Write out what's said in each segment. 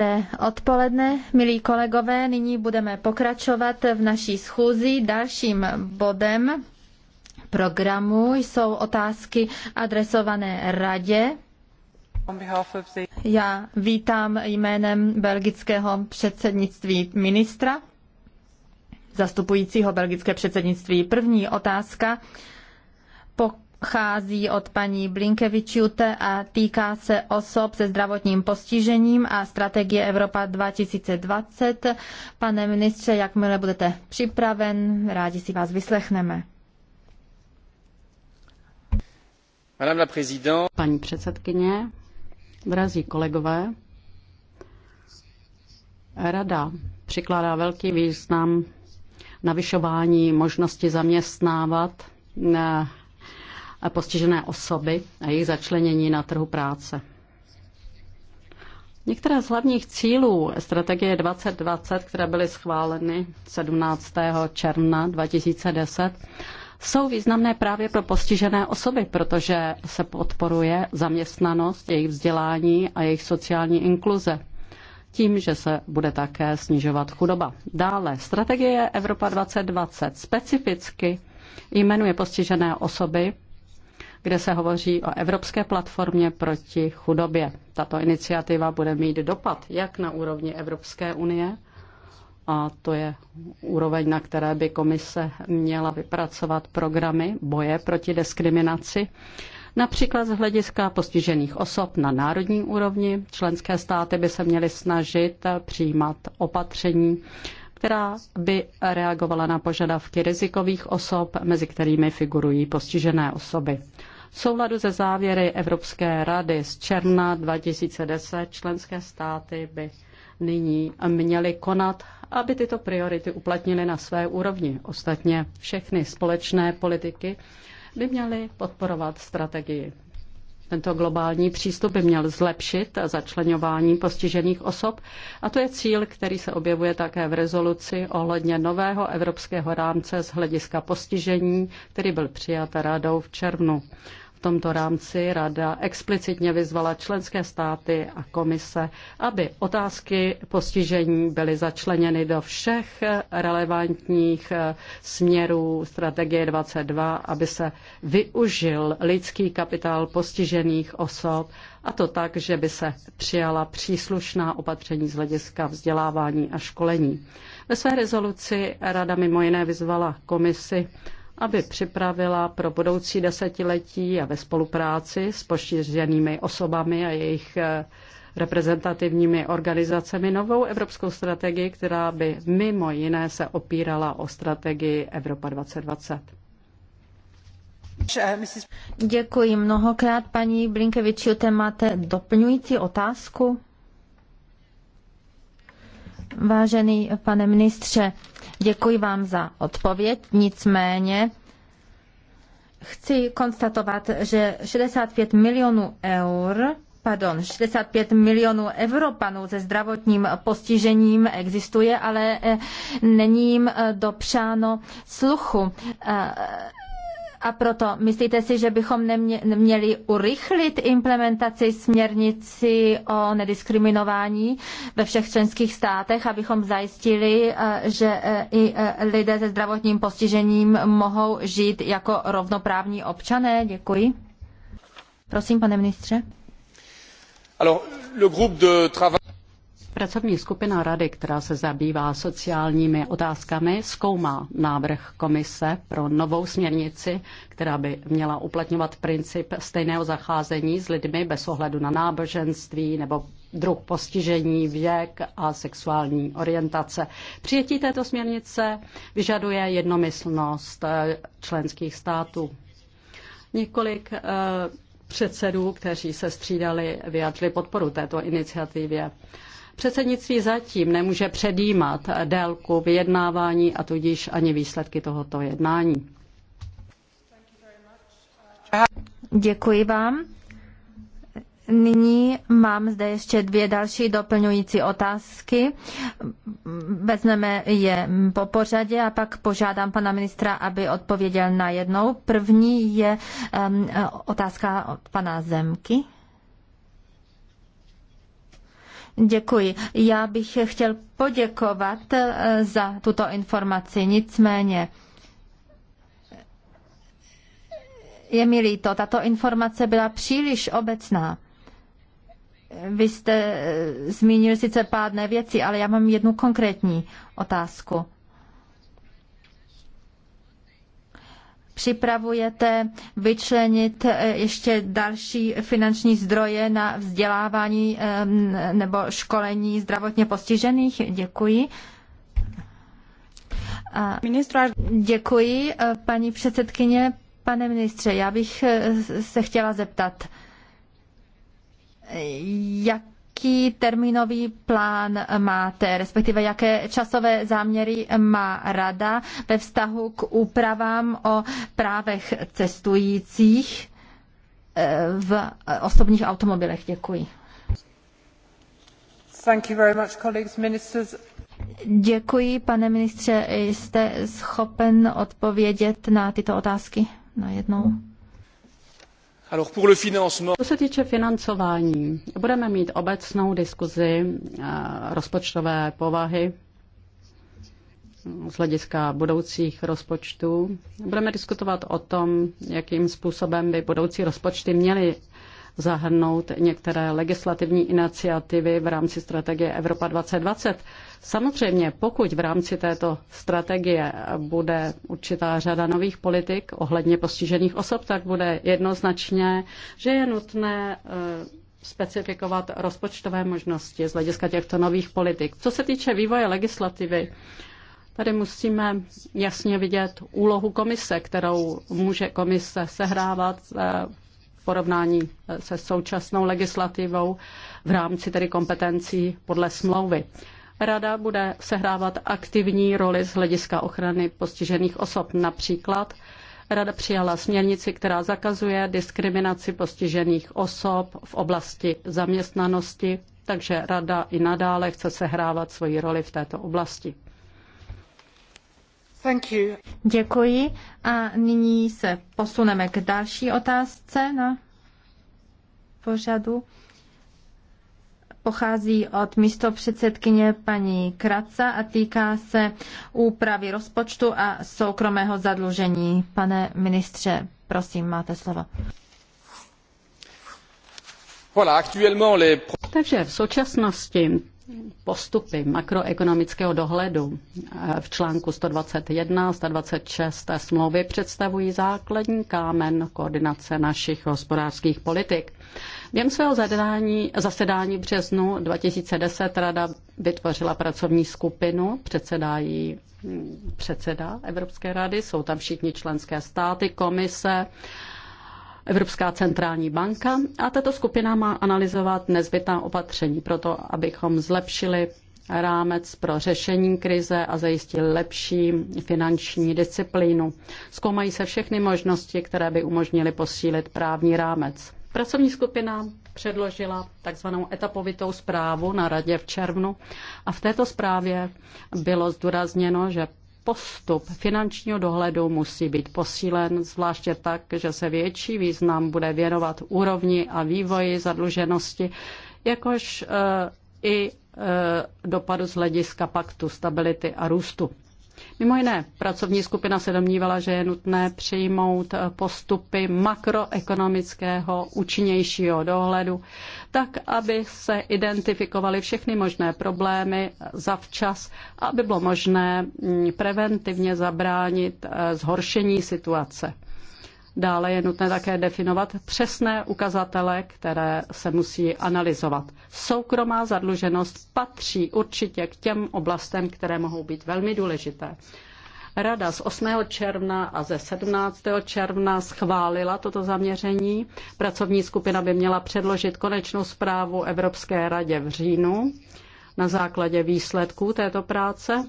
Dobré odpoledne, milí kolegové. Nyní budeme pokračovat v naší schůzi. Dalším bodem programu jsou otázky adresované radě. Já vítám jménem belgického předsednictví ministra, zastupujícího belgické předsednictví. První otázka. Po pochází od paní Blinkevičiute a týká se osob se zdravotním postižením a strategie Evropa 2020. Pane ministře, jakmile budete připraven, rádi si vás vyslechneme. Paní předsedkyně, drazí kolegové, Rada přikládá velký význam navyšování možnosti zaměstnávat eh, postižené osoby a jejich začlenění na trhu práce. Některé z hlavních cílů strategie 2020, které byly schváleny 17. června 2010, jsou významné právě pro postižené osoby, protože se podporuje zaměstnanost, jejich vzdělání a jejich sociální inkluze tím, že se bude také snižovat chudoba. Dále strategie Evropa 2020 specificky jmenuje postižené osoby kde se hovoří o Evropské platformě proti chudobě. Tato iniciativa bude mít dopad jak na úrovni Evropské unie, a to je úroveň, na které by komise měla vypracovat programy boje proti diskriminaci, například z hlediska postižených osob na národní úrovni. Členské státy by se měly snažit přijímat opatření, která by reagovala na požadavky rizikových osob, mezi kterými figurují postižené osoby. V souladu se závěry Evropské rady z června 2010 členské státy by nyní měly konat, aby tyto priority uplatnily na své úrovni. Ostatně všechny společné politiky by měly podporovat strategii. Tento globální přístup by měl zlepšit začlenování postižených osob a to je cíl, který se objevuje také v rezoluci ohledně nového evropského rámce z hlediska postižení, který byl přijat radou v červnu tomto rámci Rada explicitně vyzvala členské státy a komise, aby otázky postižení byly začleněny do všech relevantních eh, směrů strategie 22, aby se využil lidský kapitál postižených osob a to tak, že by se přijala příslušná opatření z hlediska vzdělávání a školení. Ve své rezoluci Rada mimo jiné vyzvala komisi, aby připravila pro budoucí desetiletí a ve spolupráci s poštířenými osobami a jejich eh, reprezentativními organizacemi novou evropskou strategii, která by mimo jiné se opírala o strategii Evropa 2020. Děkuji mnohokrát, paní Blinkevičiute. Máte doplňující otázku? Vážený pane ministře, Děkuji vám za odpověď, nicméně chci konstatovat, že 65 milionů eur pardon, 65 milionů Evropanů se zdravotním postižením existuje, ale eh, není jim eh, dopřáno sluchu eh, a proto myslíte si, že bychom měli urychlit implementaci směrnici o nediskriminování ve všech členských státech, abychom zajistili, eh, že eh, i eh, lidé se zdravotním postižením mohou žít jako rovnoprávní občané? Děkuji. Prosím, pane ministře. Alors, le groupe de travail... Pracovní skupina Rady, která se zabývá sociálními otázkami, zkoumá návrh komise pro novou směrnici, která by měla uplatňovat princip stejného zacházení s lidmi bez ohledu na náboženství nebo druh postižení, věk a sexuální orientace. Přijetí této směrnice vyžaduje jednomyslnost eh, členských států. Několik eh, předsedů, kteří se střídali, vyjadřili podporu této iniciativě. Předsednictví zatím nemůže předjímat délku vyjednávání a tudíž ani výsledky tohoto jednání. Děkuji vám. Nyní mám zde ještě dvě další doplňující otázky. Vezmeme je po pořadě a pak požádám pana ministra, aby odpověděl na jednou. První je um, otázka od pana Zemky. Děkuji. Já bych chtěl poděkovat eh, za tuto informaci. Nicméně je mi líto, tato informace byla příliš obecná. Vy jste eh, zmínil sice pádné věci, ale já mám jednu konkrétní otázku. připravujete vyčlenit eh, ještě další finanční zdroje na vzdělávání eh, nebo školení zdravotně postižených? Děkuji. Děkuji, eh, paní předsedkyně. Pane ministře, já bych se chtěla zeptat, jak jaký termínový plán máte, respektive jaké časové záměry má rada ve vztahu k úpravám o právech cestujících eh, v osobních automobilech. Děkuji. Děkuji, pane ministře. Jste schopen odpovědět na tyto otázky najednou? Co se týče financování, budeme mít obecnou diskuzi eh, rozpočtové povahy eh, z hlediska budoucích rozpočtů. Budeme diskutovat o tom, jakým způsobem by budoucí rozpočty měly zahrnout některé legislativní iniciativy v rámci strategie Evropa 2020. Samozřejmě, pokud v rámci této strategie bude určitá řada nových politik ohledně postižených osob, tak bude jednoznačně, že je nutné eh, specifikovat rozpočtové možnosti z hlediska těchto nových politik. Co se týče vývoje legislativy, tady musíme jasně vidět úlohu komise, kterou může komise sehrávat eh, porovnání eh, se současnou legislativou v rámci tedy kompetencí podle smlouvy. Rada bude sehrávat aktivní roli z hlediska ochrany postižených osob. Například Rada přijala směrnici, která zakazuje diskriminaci postižených osob v oblasti zaměstnanosti, takže Rada i nadále chce sehrávat svoji roli v této oblasti. Děkuji a nyní se posuneme k další otázce na pořadu. Pochází od místo předsedkyně paní Kraca a týká se úpravy rozpočtu a soukromého zadlužení. Pane ministře, prosím, máte slovo. Takže v současnosti postupy makroekonomického dohledu v článku 121 a 126 smlouvy představují základní kámen koordinace našich hospodářských politik. Během svého zadání, zasedání v březnu 2010 Rada vytvořila pracovní skupinu, předsedá jí předseda Evropské rady, jsou tam všichni členské státy, komise, Evropská centrální banka a tato skupina má analyzovat nezbytná opatření pro to, abychom zlepšili rámec pro řešení krize a zajistili lepší finanční disciplínu. Zkoumají se všechny možnosti, které by umožnily posílit právní rámec. Pracovní skupina předložila takzvanou etapovitou zprávu na radě v červnu a v této zprávě bylo zdůrazněno, že postup finančního dohledu musí být posílen, zvláště tak, že se větší význam bude věnovat úrovni a vývoji zadluženosti, jakož eh, i eh, dopadu z hlediska paktu stability a růstu. Mimo jiné, pracovní skupina se domnívala, že je nutné přijmout postupy makroekonomického účinnějšího dohledu, tak aby se identifikovaly všechny možné problémy zavčas, aby bylo možné mm, preventivně zabránit eh, zhoršení situace. Dále je nutné také definovat přesné ukazatele, které se musí analyzovat. Soukromá zadluženost patří určitě k těm oblastem, které mohou být velmi důležité. Rada z 8. června a ze 17. června schválila toto zaměření. Pracovní skupina by měla předložit konečnou zprávu Evropské radě v říjnu na základě výsledků této práce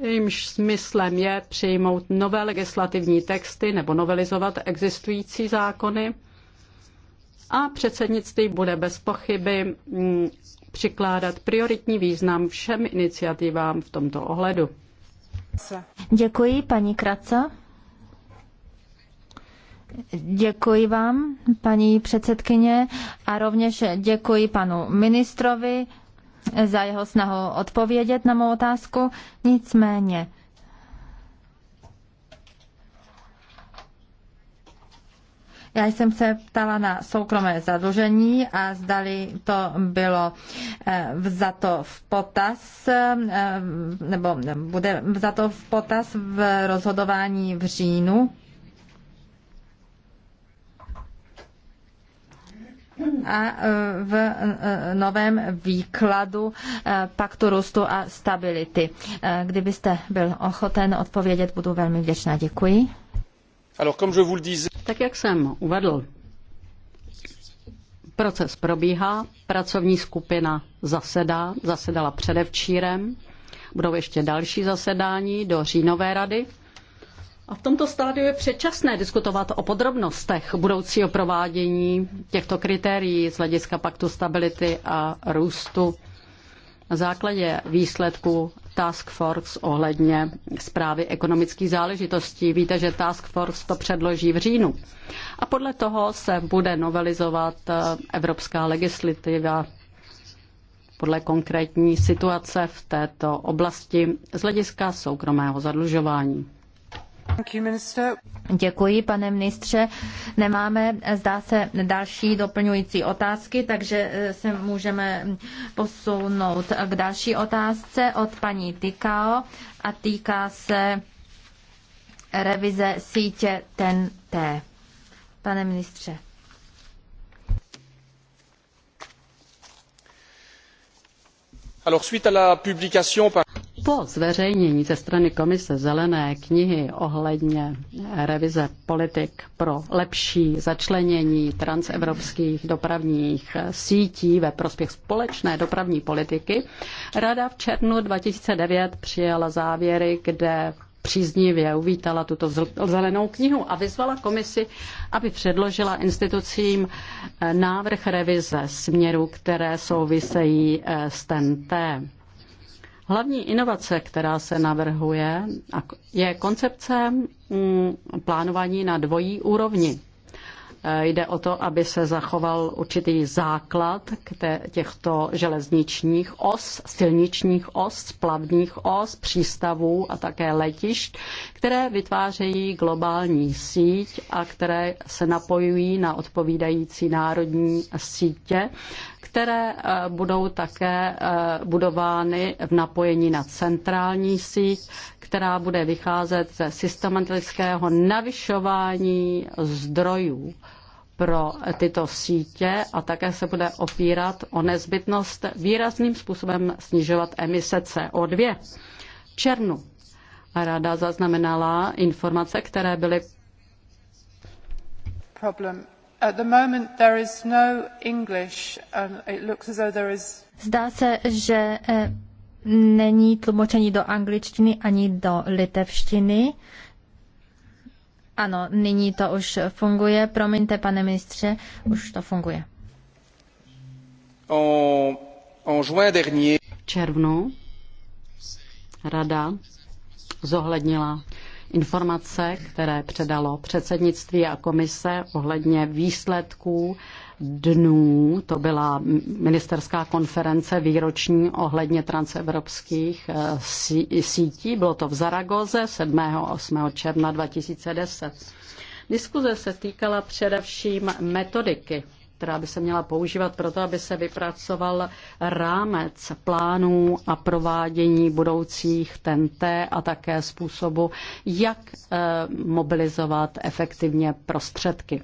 jejímž smyslem je přijmout nové legislativní texty nebo novelizovat existující zákony. A předsednictví bude bez pochyby mm, přikládat prioritní význam všem iniciativám v tomto ohledu. Děkuji, paní Kraca. Děkuji vám, paní předsedkyně, a rovněž děkuji panu ministrovi za jeho snahu odpovědět na mou otázku. Nicméně, Já jsem se ptala na soukromé zadlužení a zdali to bylo eh, vzato v potaz, eh, nebo bude vzato v potaz v rozhodování v říjnu a e, v e, e, novém výkladu paktu růstu a stability. Kdybyste byl ochoten odpovědět, budu velmi vděčná. Děkuji. Tak jak jsem uvedl, proces probíhá, pracovní skupina zasedá, zasedala předevčírem, budou ještě další zasedání do říjnové rady a v tomto stádiu je předčasné diskutovat o podrobnostech budoucího provádění těchto kritérií z hlediska paktu stability a růstu na základě výsledku Task Force ohledně zprávy ekonomických záležitostí. Víte, že Task Force to předloží v říjnu. A podle toho se bude novelizovat eh, evropská legislativa podle konkrétní situace v této oblasti z hlediska soukromého zadlužování. Děkuji, pane ministře. Nemáme, zdá se, další doplňující otázky, takže eh, se můžeme posunout k další otázce od paní Tykao a týká se revize sítě TEN-T. Pane ministře. Alors, suite à la publication par... Po zveřejnění ze strany Komise zelené knihy ohledně revize politik pro lepší začlenění transevropských dopravních sítí ve prospěch společné dopravní politiky, Rada v červnu 2009 přijala závěry, kde příznivě uvítala tuto zelenou knihu a vyzvala komisi, aby předložila institucím eh, návrh revize směru, které souvisejí eh, s TNT. Hlavní inovace, která se navrhuje, je koncepce mm, plánování na dvojí úrovni. E, jde o to, aby se zachoval určitý základ těchto železničních os, silničních os, plavních os, přístavů a také letišť, které vytvářejí globální síť a které se napojují na odpovídající národní sítě, které eh, budou také eh, budovány v napojení na centrální síť, která bude vycházet ze systematického navyšování zdrojů pro tyto sítě a také se bude opírat o nezbytnost výrazným způsobem snižovat emise CO2. V rada zaznamenala informace, které byly Zdá se, že eh, není tlumočení do angličtiny ani do litevštiny. Ano, nyní to už funguje. Promiňte, pane ministře, už to funguje. V červnu rada zohlednila informace, které předalo předsednictví a komise ohledně výsledků dnů, to byla ministerská konference výroční ohledně transevropských eh, sítí, bylo to v Zaragoze 7. a 8. června 2010. Diskuze se týkala především metodiky která by se měla používat proto, aby se vypracoval rámec plánů a provádění budoucích TNT a také způsobu, jak eh, mobilizovat efektivně prostředky.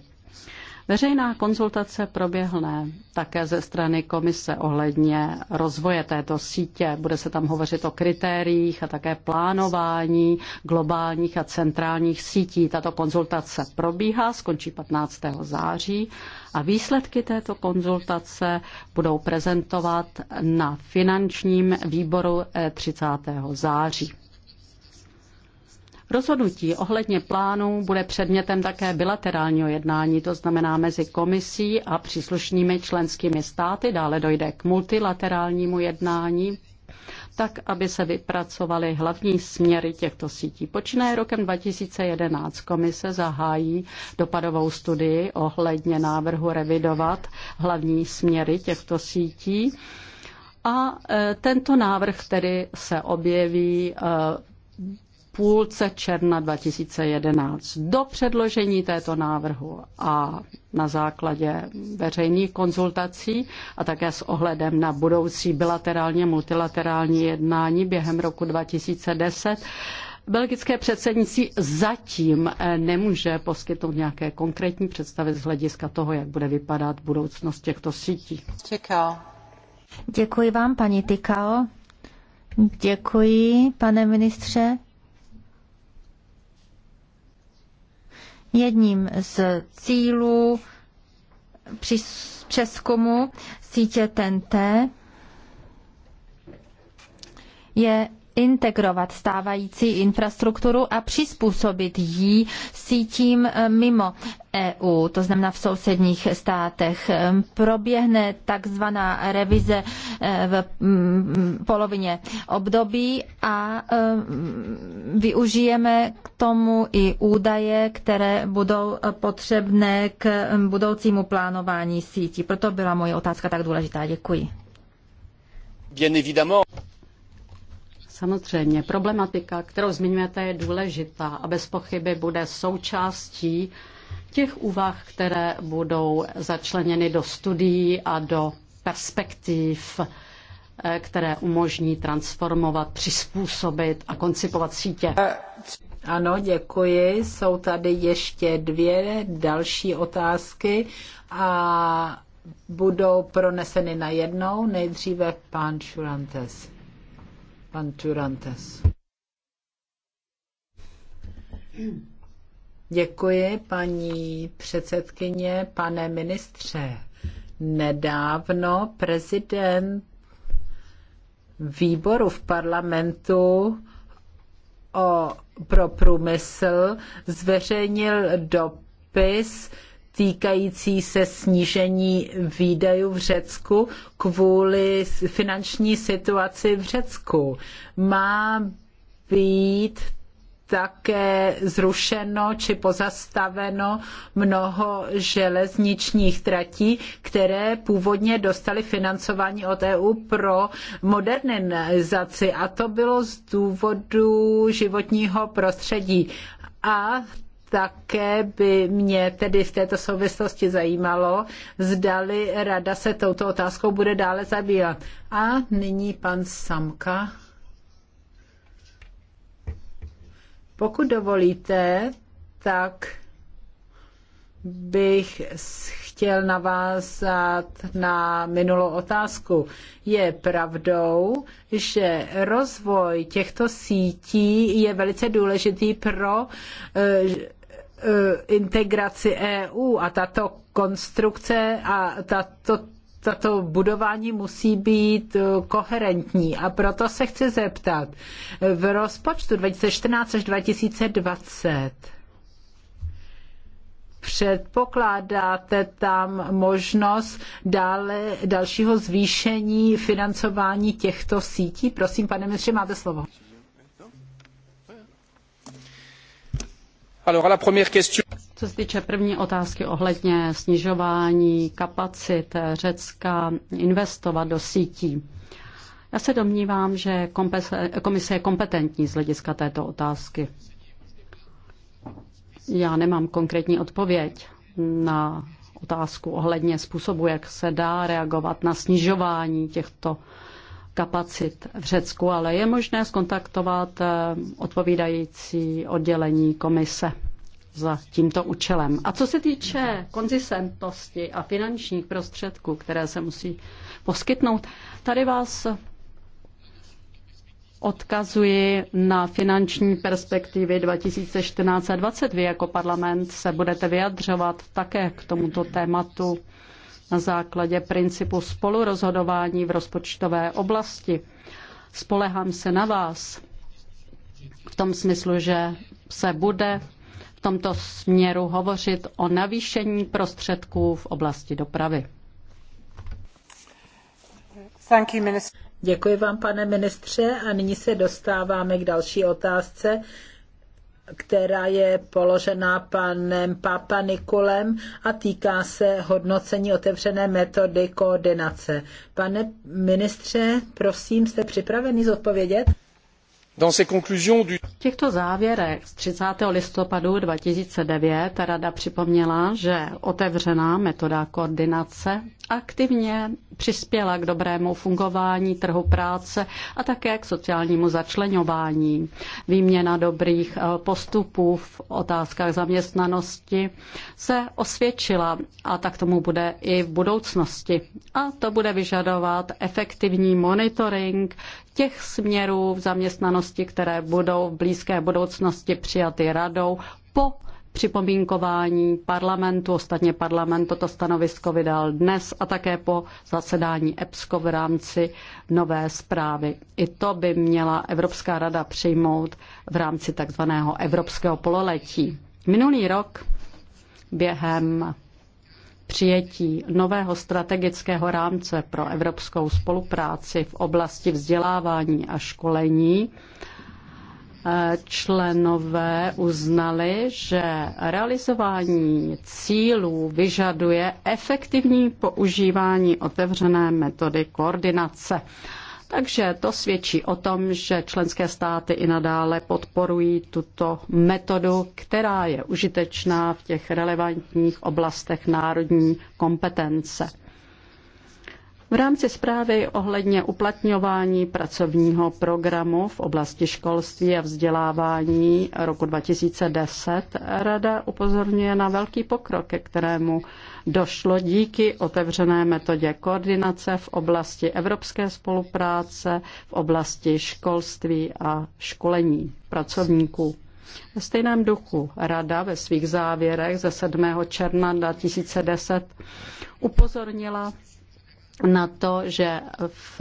Veřejná konzultace proběhne také ze strany komise ohledně rozvoje této sítě. Bude se tam hovořit o kritériích a také plánování globálních a centrálních sítí. Tato konzultace probíhá, skončí 15. září a výsledky této konzultace budou prezentovat na finančním výboru 30. Eh, září. Rozhodnutí ohledně plánů bude předmětem také bilaterálního jednání, to znamená mezi komisí a příslušnými členskými státy. Dále dojde k multilaterálnímu jednání tak, aby se vypracovaly hlavní směry těchto sítí. Počínaje rokem 2011 komise zahájí dopadovou studii ohledně návrhu revidovat hlavní směry těchto sítí. A e, tento návrh tedy se objeví e, půlce června 2011. Do předložení této návrhu a na základě veřejných konzultací a také s ohledem na budoucí bilaterálně multilaterální jednání během roku 2010 Belgické předsednictví zatím eh, nemůže poskytnout nějaké konkrétní představy z hlediska toho, jak bude vypadat budoucnost těchto sítí. Čekal. Děkuji vám, paní Tykao. Děkuji, pane ministře. Jedním z cílů při přeskumu sítě TNT je integrovat stávající infrastrukturu a přizpůsobit ji sítím eh, mimo EU, to znamená v sousedních státech. Ehm, proběhne takzvaná revize eh, v mm, polovině období a ehm, využijeme k tomu i údaje, které budou eh, potřebné k ehm, budoucímu plánování sítí. Proto byla moje otázka tak důležitá. Děkuji. Samozřejmě, problematika, kterou zmiňujete, je důležitá a bez pochyby bude součástí těch úvah, které budou začleněny do studií a do perspektiv, eh, které umožní transformovat, přizpůsobit a koncipovat sítě. Ano, děkuji. Jsou tady ještě dvě další otázky a budou proneseny na jednou. Nejdříve pan Šurantes. Pan Turantes. Děkuji, paní předsedkyně, pane ministře. Nedávno prezident výboru v parlamentu o, pro průmysl zveřejnil dopis, týkající se snížení výdajů v Řecku kvůli finanční situaci v Řecku. Má být také zrušeno či pozastaveno mnoho železničních tratí, které původně dostaly financování od EU pro modernizaci a to bylo z důvodu životního prostředí. A také by mě tedy v této souvislosti zajímalo, zdali rada se touto otázkou bude dále zabývat. A nyní pan Samka. Pokud dovolíte, tak bych chtěl navázat na minulou otázku. Je pravdou, že rozvoj těchto sítí je velice důležitý pro eh, Eh, integraci EU a tato konstrukce a tato tato budování musí být eh, koherentní. A proto se chci zeptat, v rozpočtu 2014 až 2020 předpokládáte tam možnost dále, dalšího zvýšení financování těchto sítí? Prosím, pane ministře, máte slovo. Co se týče první otázky ohledně snižování kapacit Řecka investovat do sítí, já se domnívám, že komise je kompetentní z hlediska této otázky. Já nemám konkrétní odpověď na otázku ohledně způsobu, jak se dá reagovat na snižování těchto kapacit v Řecku, ale je možné skontaktovat eh, odpovídající oddělení komise za tímto účelem. A co se týče konzistentnosti a finančních prostředků, které se musí poskytnout, tady vás odkazuji na finanční perspektivy 2014 a 2020. Vy jako parlament se budete vyjadřovat také k tomuto tématu na základě principu spolurozhodování v rozpočtové oblasti. Spolehám se na vás v tom smyslu, že se bude v tomto směru hovořit o navýšení prostředků v oblasti dopravy. Děkuji vám, pane ministře, a nyní se dostáváme k další otázce která je položena panem Papa Nikolem a týká se hodnocení otevřené metody koordinace. Pane ministře, prosím, jste připraveni zodpovědět? V těchto závěrech z 30. listopadu 2009 Rada připomněla, že otevřená metoda koordinace aktivně přispěla k dobrému fungování trhu práce a také k sociálnímu začlenování. Výměna dobrých eh, postupů v otázkách zaměstnanosti se osvědčila a tak tomu bude i v budoucnosti. A to bude vyžadovat efektivní monitoring těch směrů v zaměstnanosti, záležitosti, které budou v blízké budoucnosti přijaty radou po připomínkování parlamentu, ostatně parlament toto stanovisko vydal dnes a také po zasedání EPSCO v rámci nové zprávy. I to by měla Evropská rada přijmout v rámci takzvaného evropského pololetí. Minulý rok během přijetí nového strategického rámce pro evropskou spolupráci v oblasti vzdělávání a školení členové uznali, že realizování cílů vyžaduje efektivní používání otevřené metody koordinace. Takže to svědčí o tom, že členské státy i nadále podporují tuto metodu, která je užitečná v těch relevantních oblastech národní kompetence. V rámci zprávy ohledně uplatňování pracovního programu v oblasti školství a vzdělávání roku 2010 Rada upozorňuje na velký pokrok, ke kterému došlo díky otevřené metodě koordinace v oblasti evropské spolupráce, v oblasti školství a školení pracovníků. Ve stejném duchu Rada ve svých závěrech ze 7. června 2010 upozornila na to, že v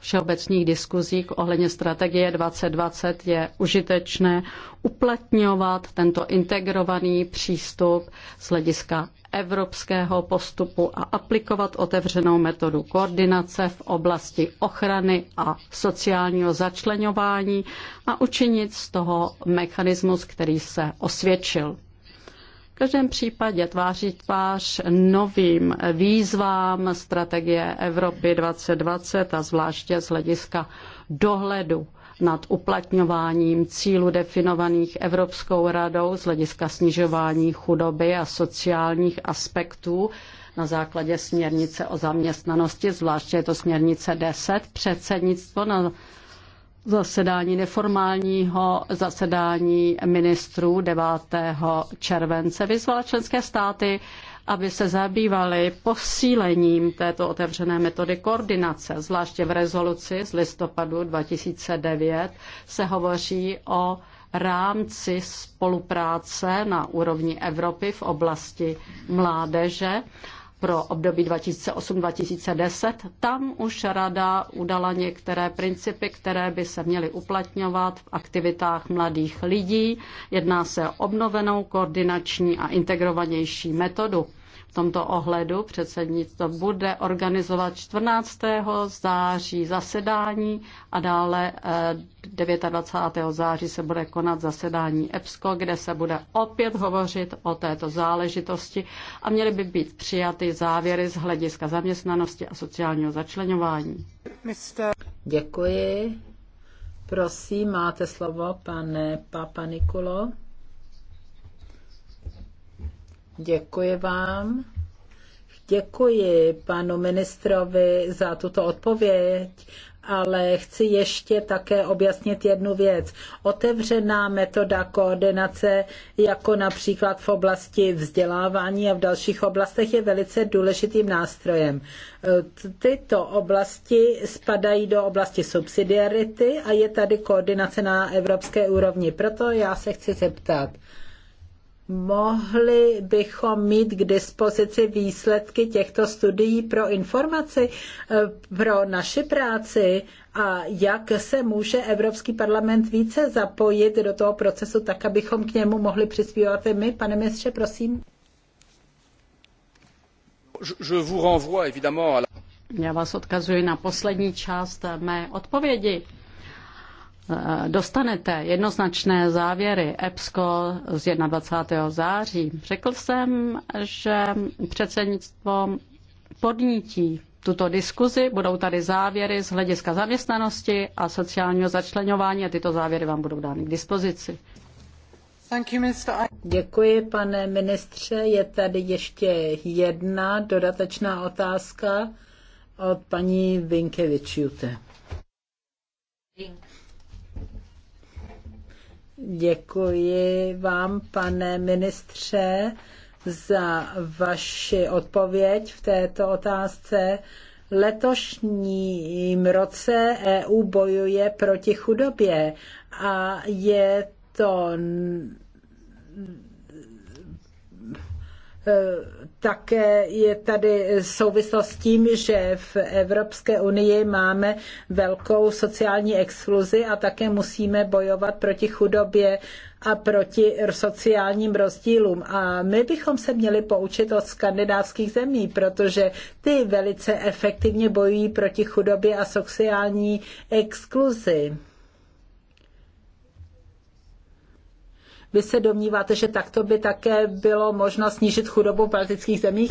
všeobecných diskuzích ohledně strategie 2020 je užitečné uplatňovat tento integrovaný přístup z hlediska evropského postupu a aplikovat otevřenou metodu koordinace v oblasti ochrany a sociálního začlenování a učinit z toho mechanismus, který se osvědčil. V každém případě tváří tvář novým výzvám strategie Evropy 2020 a zvláště z hlediska dohledu nad uplatňováním cílů definovaných Evropskou radou z hlediska snižování chudoby a sociálních aspektů na základě směrnice o zaměstnanosti, zvláště je to směrnice 10, předsednictvo na zasedání neformálního zasedání ministrů 9. července vyzvala členské státy, aby se zabývaly posílením této otevřené metody koordinace. Zvláště v rezoluci z listopadu 2009 se hovoří o rámci spolupráce na úrovni Evropy v oblasti mládeže pro období 2008-2010. Tam už rada udala některé principy, které by se měly uplatňovat v aktivitách mladých lidí. Jedná se o obnovenou koordinační a integrovanější metodu tomto ohledu předsednictvo bude organizovat 14. září zasedání a dále 29. Eh, září se bude konat zasedání EPSCO, kde se bude opět hovořit o této záležitosti a měly by být přijaty závěry z hlediska zaměstnanosti a sociálního začlenování. Děkuji. Prosím, máte slovo, pane Papa Nikolo. Děkuji vám. Děkuji panu ministrovi za tuto odpověď, ale chci ještě také objasnit jednu věc. Otevřená metoda koordinace, jako například v oblasti vzdělávání a v dalších oblastech, je velice důležitým nástrojem. Tyto oblasti spadají do oblasti subsidiarity a je tady koordinace na evropské úrovni. Proto já se chci zeptat mohli bychom mít k dispozici výsledky těchto studií pro informaci eh, pro naši práci a jak se může Evropský parlament více zapojit do toho procesu, tak abychom k němu mohli přispívat i my. Pane ministře, prosím. Já vás odkazuji na poslední část mé odpovědi. Eh, dostanete jednoznačné závěry EPSCO z 21. září. Řekl jsem, že předsednictvo podnítí tuto diskuzi, budou tady závěry z hlediska zaměstnanosti a sociálního začlenování a tyto závěry vám budou dány k dispozici. Děkuji, pane ministře. Je tady ještě jedna dodatečná otázka od paní Vinkevičiute. Děkuji vám, pane ministře, za vaši odpověď v této otázce. Letošním roce EU bojuje proti chudobě a je to Eh, také je tady souvislost s tím, že v Evropské unii máme velkou sociální exkluzi a také musíme bojovat proti chudobě a proti sociálním rozdílům. A my bychom se měli poučit od skandinávských zemí, protože ty velice efektivně bojují proti chudobě a sociální exkluzi. Vy se domníváte, že takto by také bylo možno snížit chudobu v baltických zemích?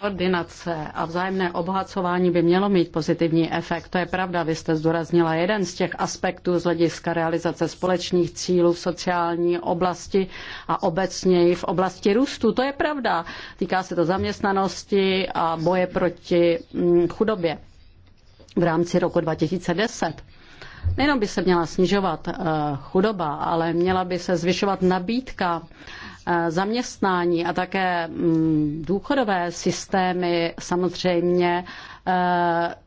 Koordinace a vzájemné obohacování by mělo mít pozitivní efekt. To je pravda, vy jste zdůraznila jeden z těch aspektů z hlediska realizace společných cílů v sociální oblasti a obecně i v oblasti růstu. To je pravda. Týká se to zaměstnanosti a boje proti mm, chudobě v rámci roku 2010. Nejenom by se měla snižovat eh, chudoba, ale měla by se zvyšovat nabídka eh, zaměstnání a také mm, důchodové systémy samozřejmě eh,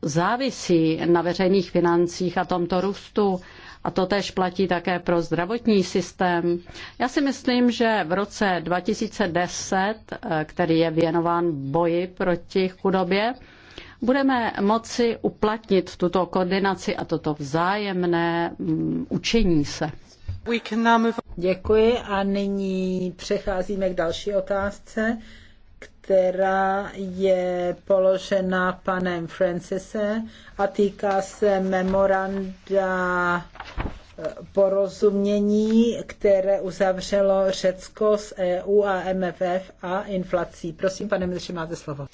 závisí na veřejných financích a tomto růstu. A to tež platí také pro zdravotní systém. Já si myslím, že v roce 2010, který je věnován boji proti chudobě, budeme moci uplatnit tuto koordinaci a toto vzájemné mm, učení se. Děkuji a nyní přecházíme k další otázce, která je položena panem Francise a týká se memoranda eh, porozumění, které uzavřelo Řecko s EU a MFF a inflací. Prosím, pane ministře, máte slovo.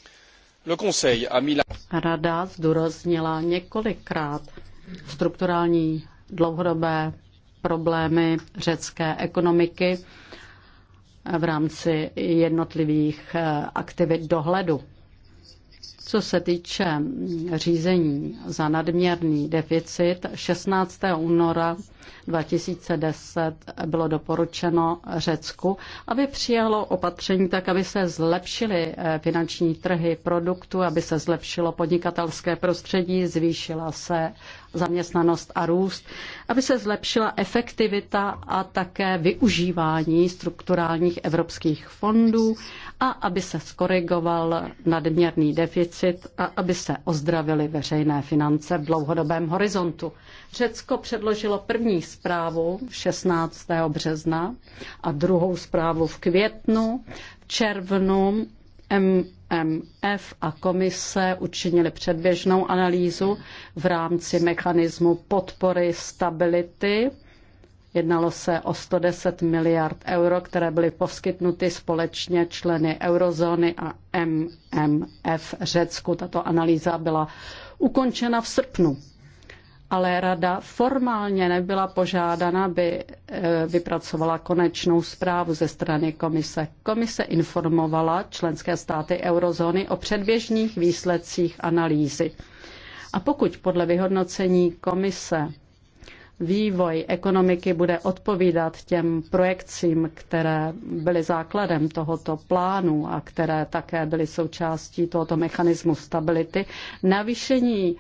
Rada zdůraznila několikrát strukturální dlouhodobé problémy řecké ekonomiky v rámci jednotlivých eh, aktivit dohledu. Co se týče řízení za nadměrný deficit, 16. února 2010 bylo doporučeno Řecku, aby přijalo opatření tak, aby se zlepšily eh, finanční trhy produktu, aby se zlepšilo podnikatelské prostředí, zvýšila se zaměstnanost a růst, aby se zlepšila efektivita a také využívání strukturálních evropských fondů a aby se skorigoval nadměrný deficit a aby se ozdravily veřejné finance v dlouhodobém horizontu. Řecko předložilo první zprávu 16. března a druhou zprávu v květnu. V červnu MMF a komise učinili předběžnou analýzu v rámci mechanismu podpory stability. Jednalo se o 110 miliard euro, které byly poskytnuty společně členy eurozóny a MMF Řecku. Tato analýza byla ukončena v srpnu ale rada formálně nebyla požádána, aby eh, vypracovala konečnou zprávu ze strany komise. Komise informovala členské státy eurozóny o předběžných výsledcích analýzy. A pokud podle vyhodnocení komise vývoj ekonomiky bude odpovídat těm projekcím, které byly základem tohoto plánu a které také byly součástí tohoto mechanismu stability, navýšení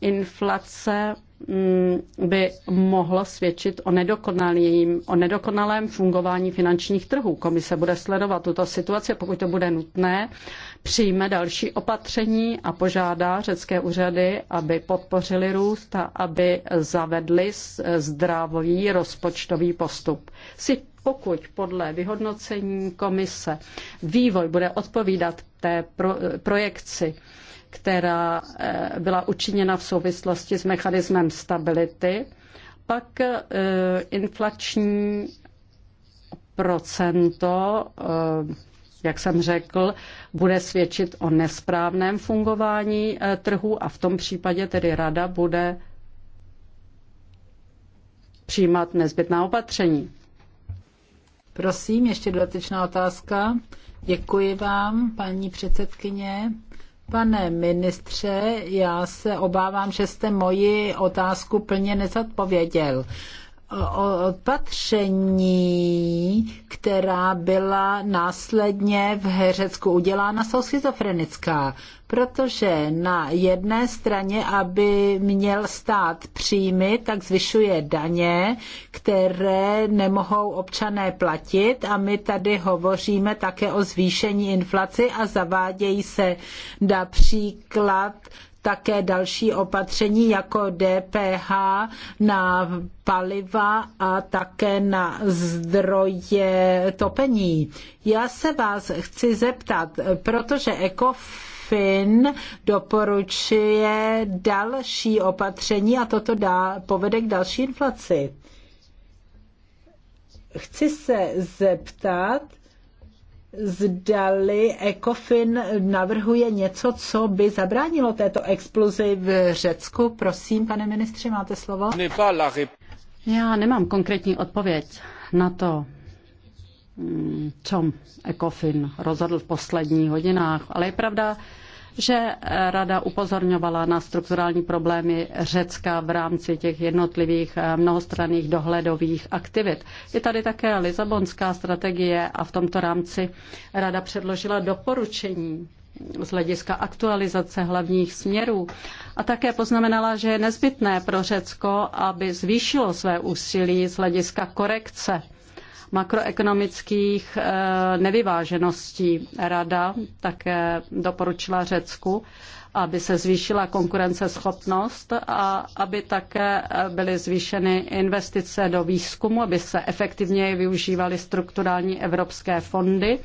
inflace Mm, by mohlo svědčit o, nedokonalým, o nedokonalém fungování finančních trhů. Komise bude sledovat tuto situaci, pokud to bude nutné, přijme další opatření a požádá řecké úřady, aby podpořili růst a aby zavedli zdravý rozpočtový postup. Si pokud podle vyhodnocení komise vývoj bude odpovídat té pro, projekci, která eh, byla učiněna v souvislosti s mechanismem stability, pak eh, inflační procento, eh, jak jsem řekl, bude svědčit o nesprávném fungování trhu a v tom případě tedy rada bude přijímat nezbytná opatření. Prosím, ještě dodatečná otázka. Děkuji vám, paní předsedkyně. Pane ministře, já se obávám, že jste moji otázku plně nezodpověděl opatření, která byla následně v Heřecku udělána, jsou schizofrenická, protože na jedné straně, aby měl stát příjmy, tak zvyšuje daně, které nemohou občané platit a my tady hovoříme také o zvýšení inflaci a zavádějí se například také další opatření jako DPH na paliva a také na zdroje topení. Já se vás chci zeptat, protože Ecofin Fin doporučuje další opatření a toto dá, povede k další inflaci. Chci se zeptat, zdali ECOFIN navrhuje něco, co by zabránilo této explozi v Řecku. Prosím, pane ministře, máte slovo. Já nemám konkrétní odpověď na to, mm, co ECOFIN rozhodl v posledních hodinách, ale je pravda, že rada upozorňovala na strukturální problémy Řecka v rámci těch jednotlivých eh, mnohostranných dohledových aktivit. Je tady také Lisabonská strategie a v tomto rámci rada předložila doporučení z hlediska aktualizace hlavních směrů a také poznamenala, že je nezbytné pro Řecko, aby zvýšilo své úsilí z hlediska korekce makroekonomických eh, nevyvážeností. Rada také doporučila Řecku, aby se zvýšila konkurenceschopnost a aby také eh, byly zvýšeny investice do výzkumu, aby se efektivněji využívaly strukturální evropské fondy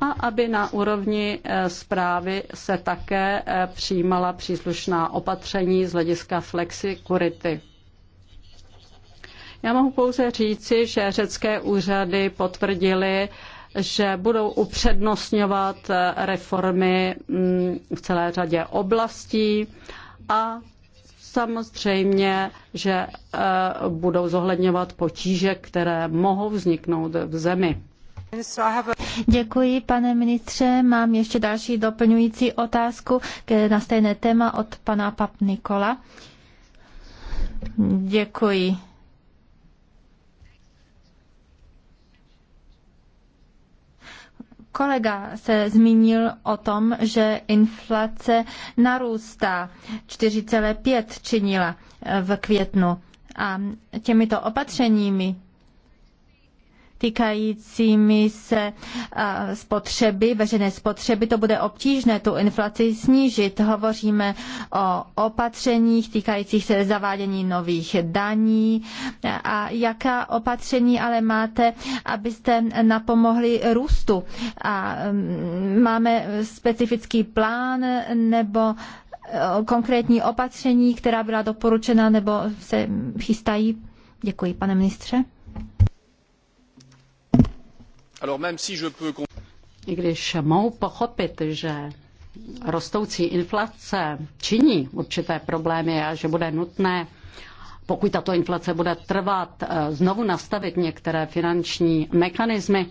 a aby na úrovni eh, zprávy se také přijímala příslušná opatření z hlediska flexikurity. Já mohu pouze říci, že řecké úřady potvrdily, že budou upřednostňovat reformy mm, v celé řadě oblastí a samozřejmě, že e, budou zohledňovat potíže, které mohou vzniknout v zemi. Děkuji, pane ministře. Mám ještě další doplňující otázku na stejné téma od pana Pap Nikola. Děkuji. Kolega se zmínil o tom, že inflace narůstá. 4,5 činila eh, v květnu. A těmito opatřeními týkajícími se spotřeby, veřejné spotřeby, to bude obtížné tu inflaci snížit. Hovoříme o opatřeních týkajících se zavádění nových daní a jaká opatření ale máte, abyste napomohli růstu. A máme specifický plán nebo konkrétní opatření, která byla doporučena nebo se chystají? Děkuji, pane ministře. I když mohu pochopit, že rostoucí inflace činí určité problémy a že bude nutné, pokud tato inflace bude trvat, eh, znovu nastavit některé finanční mechanismy,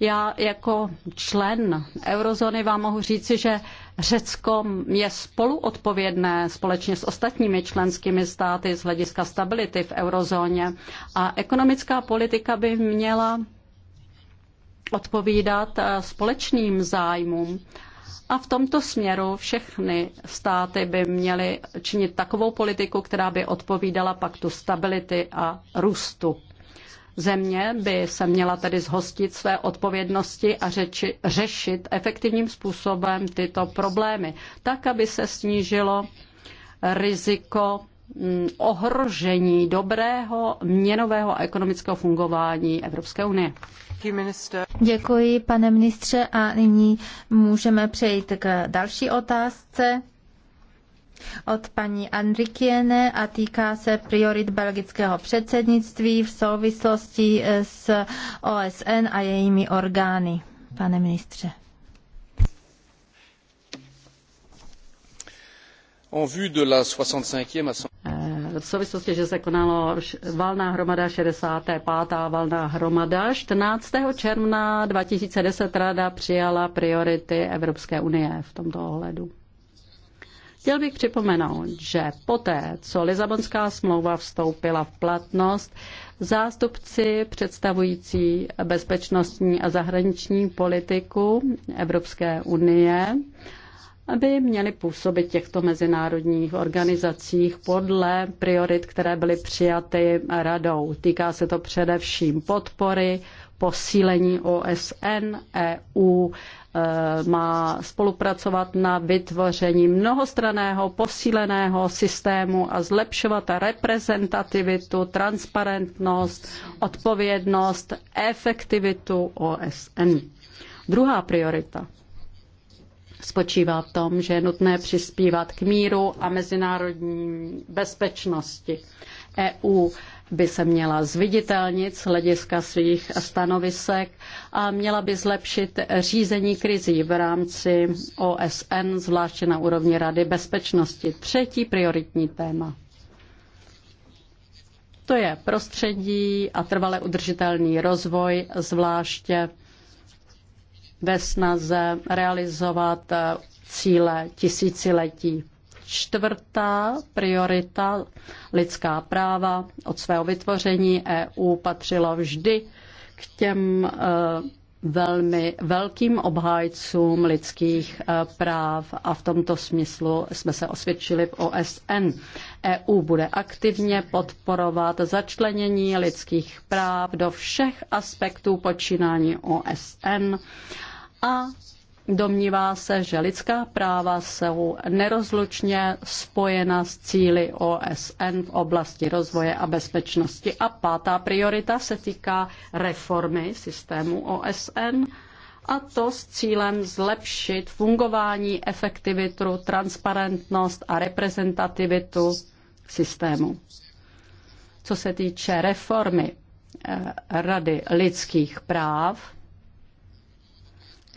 já jako člen eurozóny vám mohu říci, že Řecko je spoluodpovědné společně s ostatními členskými státy z hlediska stability v eurozóně a ekonomická politika by měla odpovídat eh, společným zájmům. A v tomto směru všechny státy by měly činit takovou politiku, která by odpovídala paktu stability a růstu. Země by se měla tedy zhostit své odpovědnosti a řeči, řešit efektivním způsobem tyto problémy, tak, aby se snížilo riziko mm, ohrožení dobrého měnového a ekonomického fungování Evropské unie. Děkuji, pane ministře, a nyní můžeme přejít k další otázce od paní Andrikiene a týká se priorit belgického předsednictví v souvislosti s OSN a jejími orgány. Pane ministře. En vue de la 65e v souvislosti, že se konalo valná hromada 65. valná hromada 14. června 2010 rada přijala priority Evropské unie v tomto ohledu. Chtěl bych připomenout, že poté, co Lizabonská smlouva vstoupila v platnost, zástupci představující bezpečnostní a zahraniční politiku Evropské unie aby měly působit v těchto mezinárodních organizacích podle priorit, které byly přijaty radou. Týká se to především podpory, posílení OSN, EU e, má spolupracovat na vytvoření mnohostraného posíleného systému a zlepšovat reprezentativitu, transparentnost, odpovědnost, efektivitu OSN. Druhá priorita spočívá v tom, že je nutné přispívat k míru a mezinárodní bezpečnosti. EU by se měla zviditelnit z hlediska svých stanovisek a měla by zlepšit řízení krizí v rámci OSN, zvláště na úrovni Rady bezpečnosti. Třetí prioritní téma. To je prostředí a trvale udržitelný rozvoj, zvláště ve snaze realizovat eh, cíle tisíciletí. Čtvrtá priorita lidská práva od svého vytvoření EU patřilo vždy k těm eh, velmi velkým obhájcům lidských eh, práv a v tomto smyslu jsme se osvědčili v OSN. EU bude aktivně podporovat začlenění lidských práv do všech aspektů počínání OSN a Domnívá se, že lidská práva jsou nerozlučně spojena s cíly OSN v oblasti rozvoje a bezpečnosti. A pátá priorita se týká reformy systému OSN a to s cílem zlepšit fungování, efektivitu, transparentnost a reprezentativitu systému. Co se týče reformy eh, Rady lidských práv,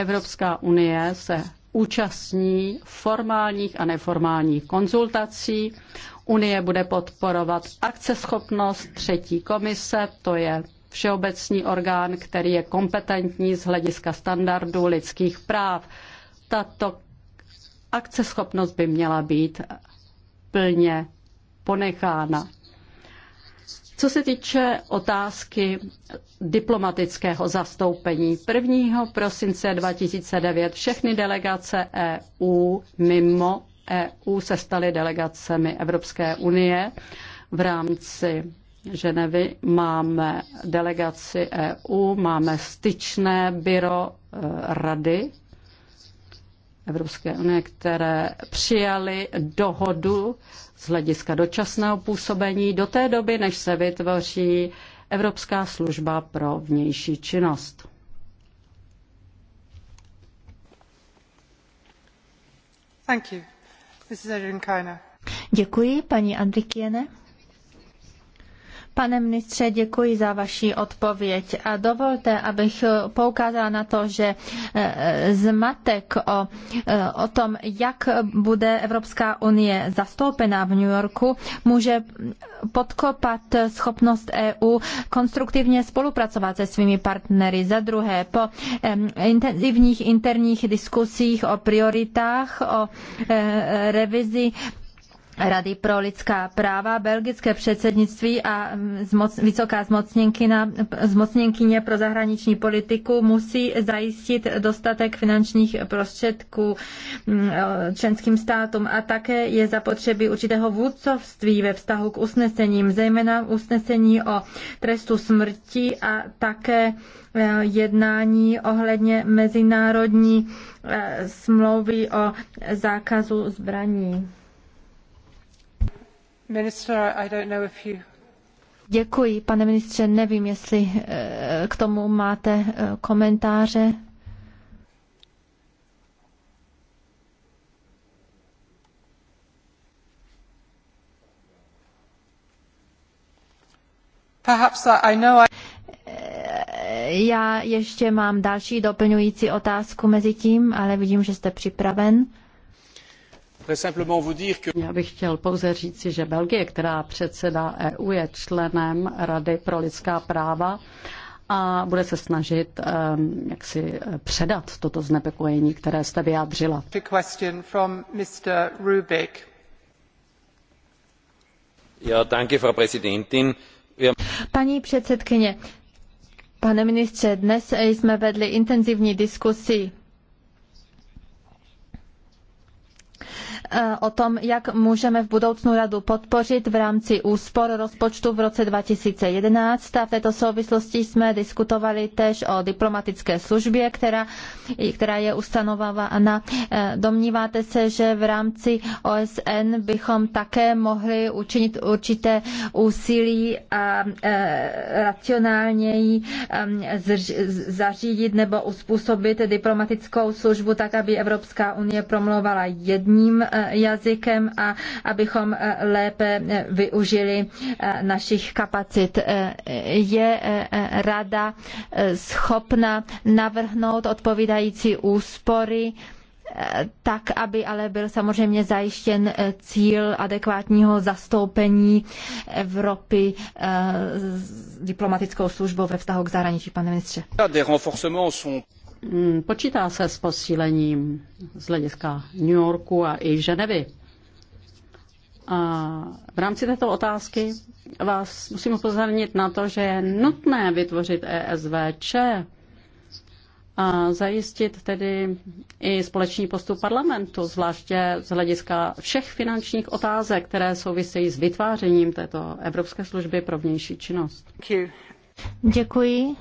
Evropská unie se účastní formálních a neformálních konzultací. Unie bude podporovat akceschopnost třetí komise, to je všeobecný orgán, který je kompetentní z hlediska standardů lidských práv. Tato akceschopnost by měla být plně ponechána co se týče otázky diplomatického zastoupení 1. prosince 2009 všechny delegace EU mimo EU se staly delegacemi Evropské unie. V rámci Ženevy máme delegaci EU, máme styčné byro e, Rady Evropské unie, které přijali dohodu z hlediska dočasného působení do té doby, než se vytvoří Evropská služba pro vnější činnost. Thank you. Kiner. Děkuji, paní Andrikiene. Pane ministře, děkuji za vaši odpověď a dovolte, abych poukázala na to, že eh, zmatek o, eh, o tom, jak bude Evropská unie zastoupena v New Yorku, může podkopat schopnost EU konstruktivně spolupracovat se svými partnery. Za druhé, po intenzivních interních diskusích o prioritách, o eh, revizi Rady pro lidská práva, belgické předsednictví a mm, zmoc, vysoká zmocněnkyně pro zahraniční politiku musí zajistit dostatek finančních prostředků mm, e, členským státům a také je zapotřebí určitého vůdcovství ve vztahu k usnesením, zejména usnesení o trestu smrti a také e, jednání ohledně mezinárodní e, smlouvy o zákazu zbraní. Děkuji, pane ministře, nevím, jestli eh, k tomu máte eh, komentáře. Eh, já ještě mám další doplňující otázku mezi tím, ale vidím, že jste připraven. Já bych chtěl pouze říci, že Belgie, která předsedá EU, je členem Rady pro lidská práva a bude se snažit um, jak si eh, předat toto znepokojení, které jste vyjádřila. Paní předsedkyně, pane ministře, dnes jsme vedli intenzivní diskusi o tom, jak můžeme v budoucnu radu podpořit v rámci úspor rozpočtu v roce 2011. A v této souvislosti jsme diskutovali též o diplomatické službě, která, která je ustanovována. Domníváte se, že v rámci OSN bychom také mohli učinit určité úsilí a e, racionálněji e, zařídit nebo uspůsobit diplomatickou službu tak, aby Evropská unie promlouvala jedním e, jazykem a abychom eh, lépe eh, využili eh, našich kapacit. Je rada schopna navrhnout odpovídající úspory, tak, aby ale byl samozřejmě zajištěn cíl adekvátního zastoupení Evropy diplomatickou službou ve vztahu k zahraničí, pane ministře. Hmm, počítá se s posílením z hlediska New Yorku a i Ženevy. A v rámci této otázky vás musím upozornit na to, že je nutné vytvořit ESVČ a zajistit tedy i společný postup parlamentu, zvláště z hlediska všech finančních otázek, které souvisejí s vytvářením této Evropské služby pro vnější činnost. Děkuji.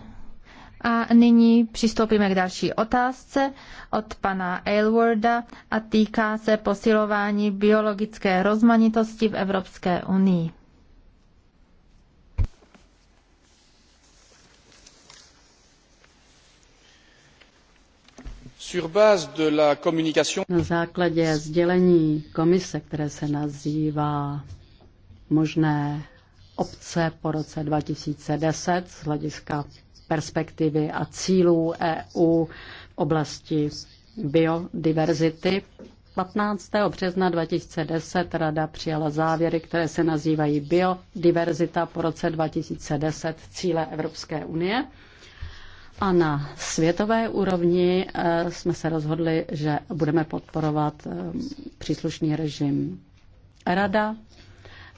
A nyní přistoupíme k další otázce od pana Aylwarda a týká se posilování biologické rozmanitosti v Evropské unii. Na základě sdělení komise, které se nazývá možné obce po roce 2010 z hlediska perspektivy a cílů EU v oblasti biodiverzity. 15. března 2010 Rada přijala závěry, které se nazývají Biodiverzita po roce 2010 cíle Evropské unie. A na světové úrovni eh, jsme se rozhodli, že budeme podporovat eh, příslušný režim. Rada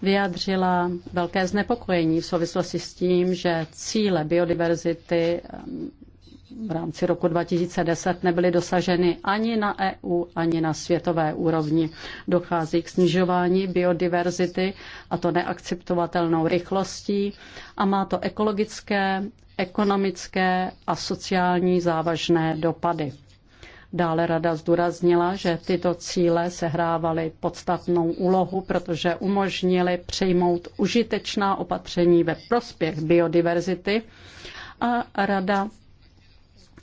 vyjádřila velké znepokojení v souvislosti s tím, že cíle biodiverzity ehm, v rámci roku 2010 nebyly dosaženy ani na EU, ani na světové úrovni. Dochází k snižování biodiverzity a to neakceptovatelnou rychlostí a má to ekologické, ekonomické a sociální závažné dopady. Dále rada zdůraznila, že tyto cíle sehrávaly podstatnou úlohu, protože umožnily přejmout užitečná opatření ve prospěch biodiverzity a rada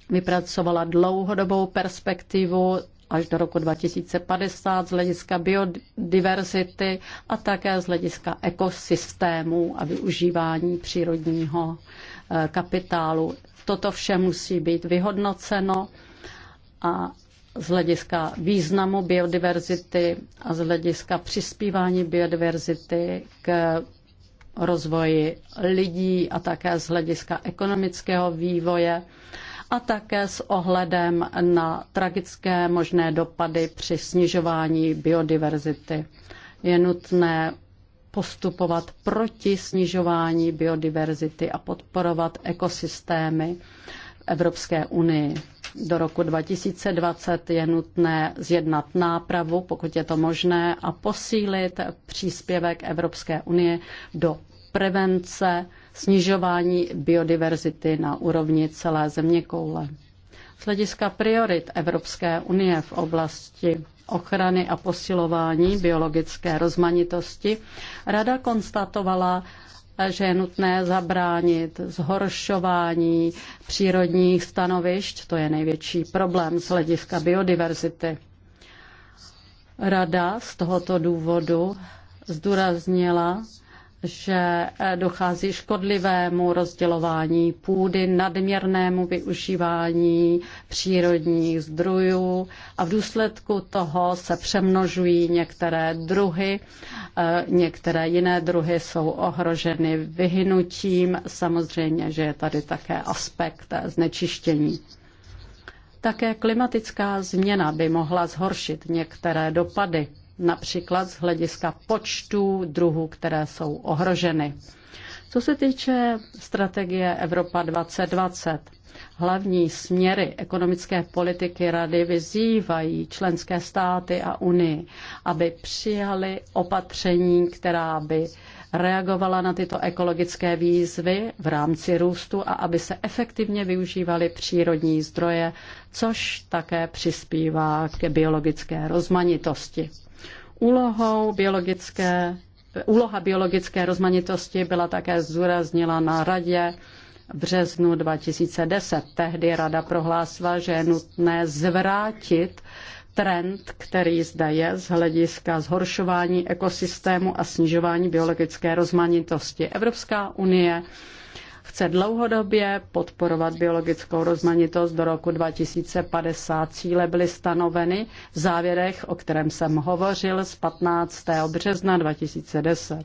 vypracovala dlouhodobou perspektivu až do roku 2050 z hlediska biodiverzity a také z hlediska ekosystémů a využívání přírodního eh, kapitálu. Toto vše musí být vyhodnoceno a z hlediska významu biodiverzity a z hlediska přispívání biodiverzity k rozvoji lidí a také z hlediska ekonomického vývoje a také s ohledem na tragické možné dopady při snižování biodiverzity. Je nutné postupovat proti snižování biodiverzity a podporovat ekosystémy v Evropské unii do roku 2020 je nutné zjednat nápravu, pokud je to možné, a posílit příspěvek Evropské unie do prevence snižování biodiverzity na úrovni celé země koule. Z hlediska priorit Evropské unie v oblasti ochrany a posilování biologické rozmanitosti Rada konstatovala, že je nutné zabránit zhoršování přírodních stanovišť, to je největší problém z hlediska biodiverzity. Rada z tohoto důvodu zdůraznila, že eh, dochází škodlivému rozdělování půdy, nadměrnému využívání přírodních zdrojů a v důsledku toho se přemnožují některé druhy, eh, některé jiné druhy jsou ohroženy vyhynutím. Samozřejmě, že je tady také aspekt znečištění. Také klimatická změna by mohla zhoršit některé dopady například z hlediska počtu druhů, které jsou ohroženy. Co se týče strategie Evropa 2020, hlavní směry ekonomické politiky Rady vyzývají členské státy a Unii, aby přijali opatření, která by reagovala na tyto ekologické výzvy v rámci růstu a aby se efektivně využívaly přírodní zdroje, což také přispívá k biologické rozmanitosti úlohou biologické, úloha biologické rozmanitosti byla také zúraznila na radě v březnu 2010. Tehdy rada prohlásila, že je nutné zvrátit trend, který zde je z hlediska zhoršování ekosystému a snižování biologické rozmanitosti. Evropská unie chce dlouhodobě podporovat biologickou rozmanitost do roku 2050. Cíle byly stanoveny v závěrech, o kterém jsem hovořil z 15. března 2010.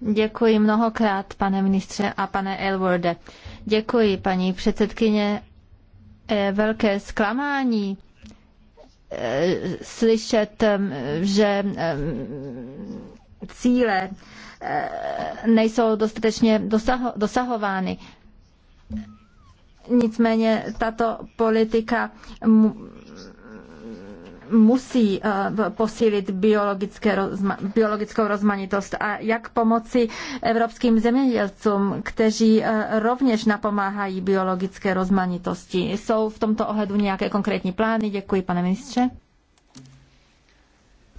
Děkuji mnohokrát, pane ministře a pane Elworde. Děkuji, paní předsedkyně. Eh, velké zklamání eh, slyšet, eh, že cíle Eh, nejsou dostatečně dosaho, dosahovány. Nicméně tato politika musí eh, posílit rozma, biologickou rozmanitost a jak pomoci evropským zemědělcům, kteří eh, rovněž napomáhají biologické rozmanitosti. Jsou v tomto ohledu nějaké konkrétní plány? Děkuji, pane ministře.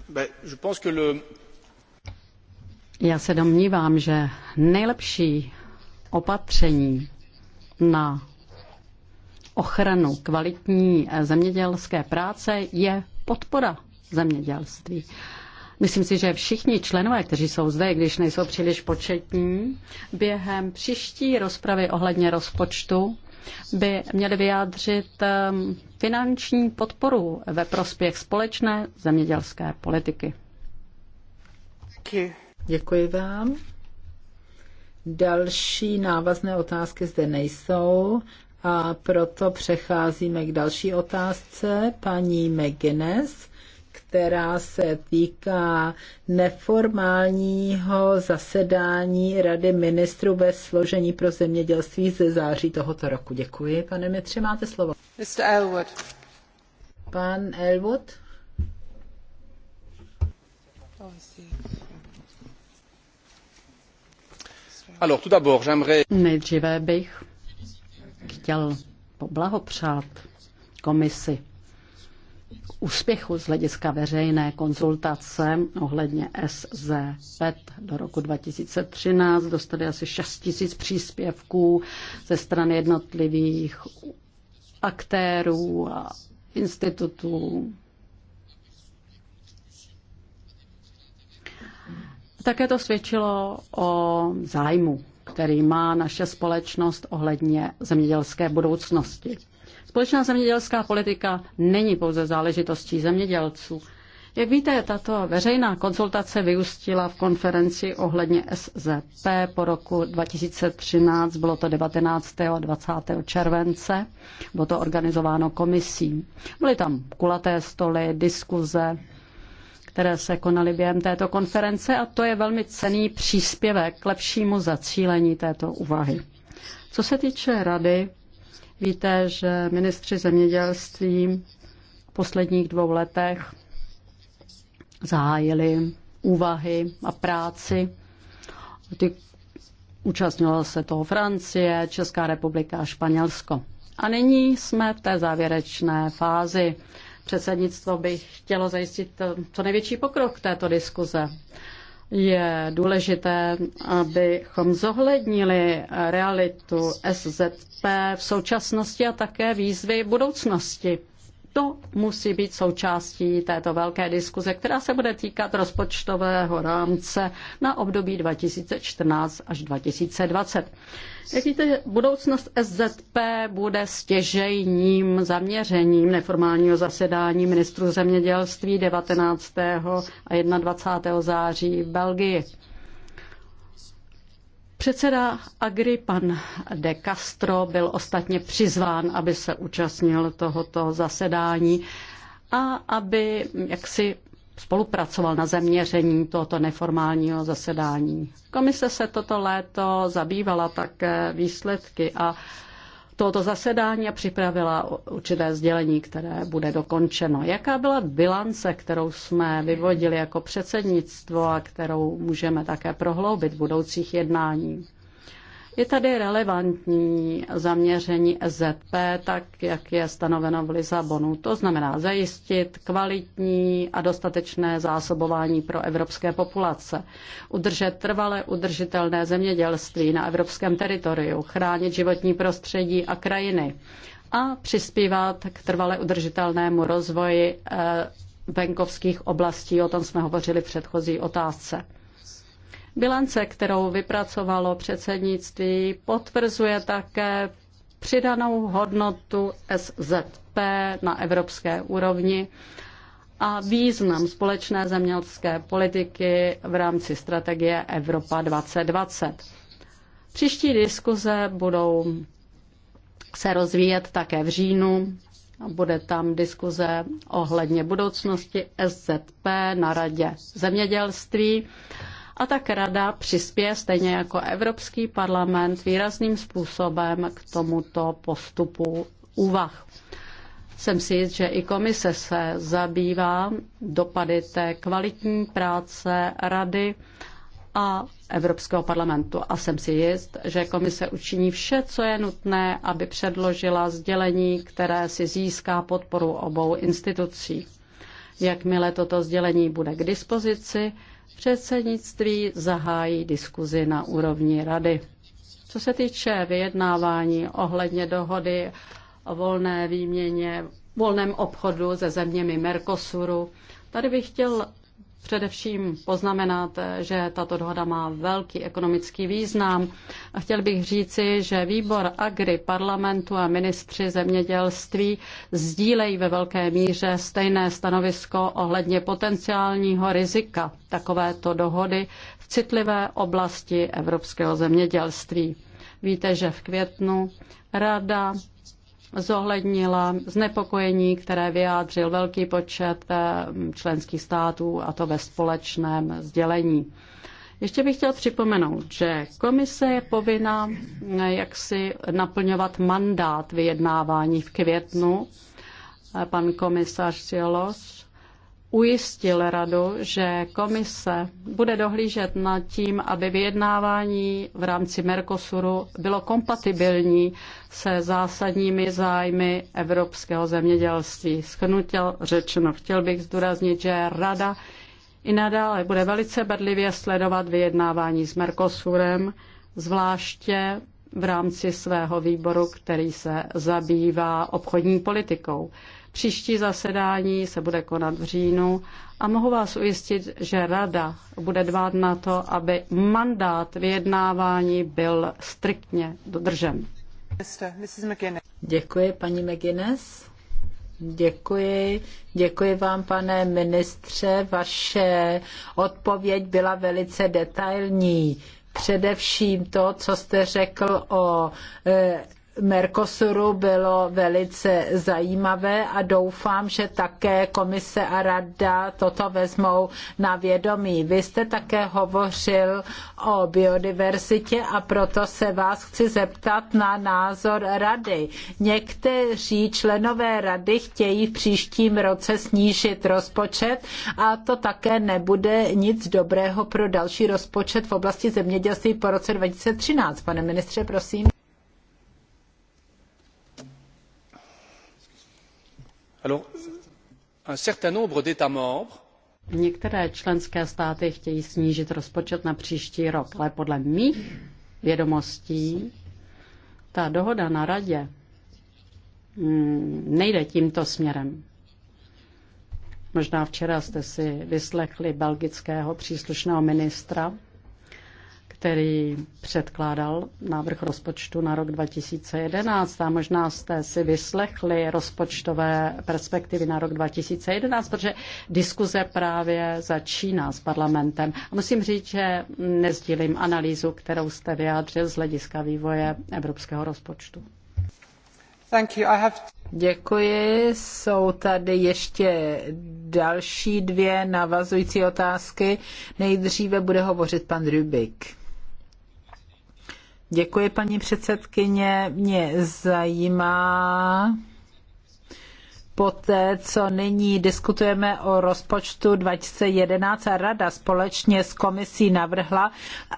Ben, je pense que le, já se domnívám, že nejlepší opatření na ochranu kvalitní eh, zemědělské práce je podpora zemědělství. Myslím si, že všichni členové, kteří jsou zde, když nejsou příliš početní, během příští rozpravy ohledně rozpočtu by měli vyjádřit ehm, finanční podporu ve prospěch společné zemědělské politiky. Děkuji. Děkuji vám. Další návazné otázky zde nejsou a proto přecházíme k další otázce paní McGuinness, která se týká neformálního zasedání Rady ministrů ve složení pro zemědělství ze září tohoto roku. Děkuji. Pane Mitře, máte slovo. Mr. Elwood. Pan Elwood. Oh, Nejdříve bych chtěl poblahopřát komisi k úspěchu z hlediska veřejné konzultace ohledně SZ5 do roku 2013. Dostali asi 6 tisíc příspěvků ze strany jednotlivých aktérů a institutů, Také to svědčilo o zájmu, který má naše společnost ohledně zemědělské budoucnosti. Společná zemědělská politika není pouze záležitostí zemědělců. Jak víte, tato veřejná konzultace vyústila v konferenci ohledně SZP po roku 2013, bylo to 19. a 20. července, bylo to organizováno komisí. Byly tam kulaté stoly, diskuze, které se konaly během této konference a to je velmi cený příspěvek k lepšímu zacílení této úvahy. Co se týče rady, víte, že ministři zemědělství v posledních dvou letech zahájili úvahy a práci. Ty Účastnila se toho Francie, Česká republika a Španělsko. A nyní jsme v té závěrečné fázi. Předsednictvo by chtělo zajistit co největší pokrok této diskuze. Je důležité, abychom zohlednili realitu SZP v současnosti a také výzvy budoucnosti to musí být součástí této velké diskuze, která se bude týkat rozpočtového rámce na období 2014 až 2020. Jak víte, budoucnost SZP bude stěžejním zaměřením neformálního zasedání ministrů zemědělství 19. a 21. září v Belgii. Předseda Agri, pan de Castro, byl ostatně přizván, aby se účastnil tohoto zasedání a aby jaksi spolupracoval na zaměření tohoto neformálního zasedání. Komise se toto léto zabývala také výsledky a tohoto zasedání a připravila určité sdělení, které bude dokončeno. Jaká byla bilance, kterou jsme vyvodili jako předsednictvo a kterou můžeme také prohloubit v budoucích jednáních? Je tady relevantní zaměření SZP, tak jak je stanoveno v Lisabonu. To znamená zajistit kvalitní a dostatečné zásobování pro evropské populace, udržet trvale udržitelné zemědělství na evropském teritoriu, chránit životní prostředí a krajiny a přispívat k trvale udržitelnému rozvoji eh, venkovských oblastí. O tom jsme hovořili v předchozí otázce. Bilance, kterou vypracovalo předsednictví, potvrzuje také přidanou hodnotu SZP na evropské úrovni a význam společné zemědělské politiky v rámci strategie Evropa 2020. Příští diskuze budou se rozvíjet také v říjnu. Bude tam diskuze ohledně budoucnosti SZP na Radě zemědělství a tak Rada přispěje stejně jako Evropský parlament výrazným způsobem k tomuto postupu úvah. Jsem si jist, že i komise se zabývá dopady té kvalitní práce Rady a Evropského parlamentu. A jsem si jist, že komise učiní vše, co je nutné, aby předložila sdělení, které si získá podporu obou institucí. Jakmile toto sdělení bude k dispozici, Předsednictví zahájí diskuzi na úrovni rady. Co se týče vyjednávání ohledně dohody o volné výměně, volném obchodu se zeměmi Mercosuru, tady bych chtěl především poznamenat, že tato dohoda má velký ekonomický význam. A chtěl bych říci, že výbor Agri parlamentu a ministři zemědělství sdílejí ve velké míře stejné stanovisko ohledně potenciálního rizika takovéto dohody v citlivé oblasti evropského zemědělství. Víte, že v květnu Rada zohlednila znepokojení, které vyjádřil velký počet eh, členských států, a to ve společném sdělení. Ještě bych chtěl připomenout, že komise je povinna eh, jaksi naplňovat mandát vyjednávání v květnu. Eh, pan komisař Cielos ujistil radu, že komise bude dohlížet nad tím, aby vyjednávání v rámci Mercosuru bylo kompatibilní se zásadními zájmy evropského zemědělství. Schnutěl řečeno, chtěl bych zdůraznit, že rada i nadále bude velice bedlivě sledovat vyjednávání s Mercosurem, zvláště v rámci svého výboru, který se zabývá obchodní politikou. Příští zasedání se bude konat v říjnu a mohu vás ujistit, že Rada bude dbát na to, aby mandát vyjednávání byl striktně dodržen. Děkuji, paní McGuinness. Děkuji. Děkuji vám, pane ministře. Vaše odpověď byla velice detailní. Především to, co jste řekl o eh, Mercosuru bylo velice zajímavé a doufám, že také komise a rada toto vezmou na vědomí. Vy jste také hovořil o biodiverzitě a proto se vás chci zeptat na názor rady. Někteří členové rady chtějí v příštím roce snížit rozpočet a to také nebude nic dobrého pro další rozpočet v oblasti zemědělství po roce 2013. Pane ministře, prosím. Některé členské státy chtějí snížit rozpočet na příští rok, ale podle mých vědomostí ta dohoda na radě hmm, nejde tímto směrem. Možná včera jste si vyslechli belgického příslušného ministra, který předkládal návrh rozpočtu na rok 2011 a možná jste si vyslechli rozpočtové perspektivy na rok 2011, protože diskuze právě začíná s parlamentem. A musím říct, že nezdílím analýzu, kterou jste vyjádřil z hlediska vývoje evropského rozpočtu. Thank you. I have... Děkuji. Jsou tady ještě další dvě navazující otázky. Nejdříve bude hovořit pan Rubik. Děkuji, paní předsedkyně. Mě zajímá, poté, co nyní diskutujeme o rozpočtu 2011 a Rada společně s komisí navrhla,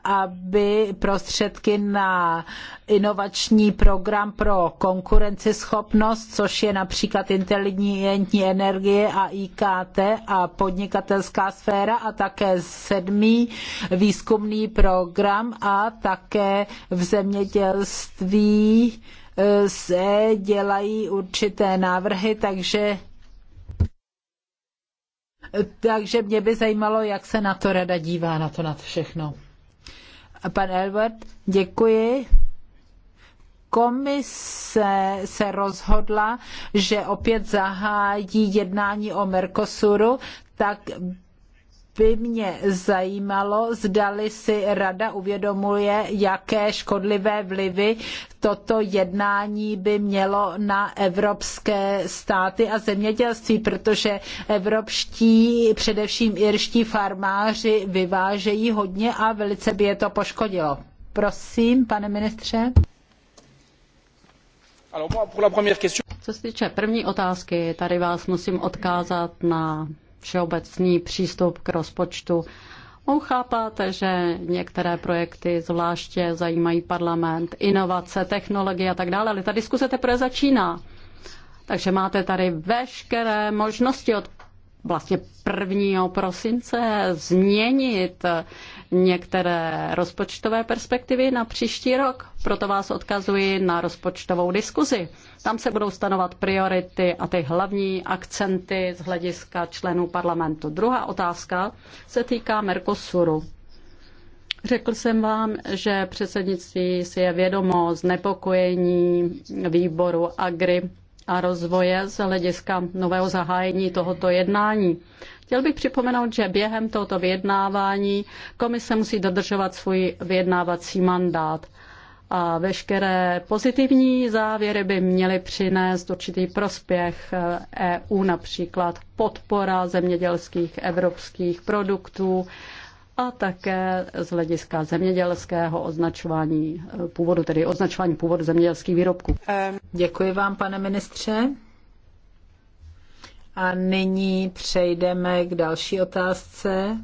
aby prostředky na inovační program pro konkurenceschopnost, což je například inteligentní energie a IKT a podnikatelská sféra a také sedmý výzkumný program a také v zemědělství Eh, se dělají určité návrhy, takže takže mě by zajímalo, jak se na to rada dívá, na to, na všechno. A pan Elbert, děkuji. Komise se rozhodla, že opět zahájí jednání o Mercosuru, tak by mě zajímalo, zdali si rada uvědomuje, jaké škodlivé vlivy toto jednání by mělo na evropské státy a zemědělství, protože evropští, především irští farmáři vyvážejí hodně a velice by je to poškodilo. Prosím, pane ministře. Co se týče první otázky, tady vás musím odkázat na všeobecný přístup k rozpočtu. Mohu chápat, že některé projekty zvláště zajímají parlament, inovace, technologie a tak dále, ale ta diskuse teprve začíná. Takže máte tady veškeré možnosti od vlastně 1. prosince změnit některé rozpočtové perspektivy na příští rok. Proto vás odkazuji na rozpočtovou diskuzi. Tam se budou stanovat priority a ty hlavní akcenty z hlediska členů parlamentu. Druhá otázka se týká Mercosuru. Řekl jsem vám, že předsednictví si je vědomo znepokojení výboru Agri a rozvoje z hlediska nového zahájení tohoto jednání. Chtěl bych připomenout, že během tohoto vyjednávání komise musí dodržovat svůj vyjednávací mandát. A veškeré pozitivní závěry by měly přinést určitý prospěch EU, například podpora zemědělských evropských produktů, a také z hlediska zemědělského označování eh, původu, tedy označování původu zemědělských výrobků. Děkuji vám, pane ministře. A nyní přejdeme k další otázce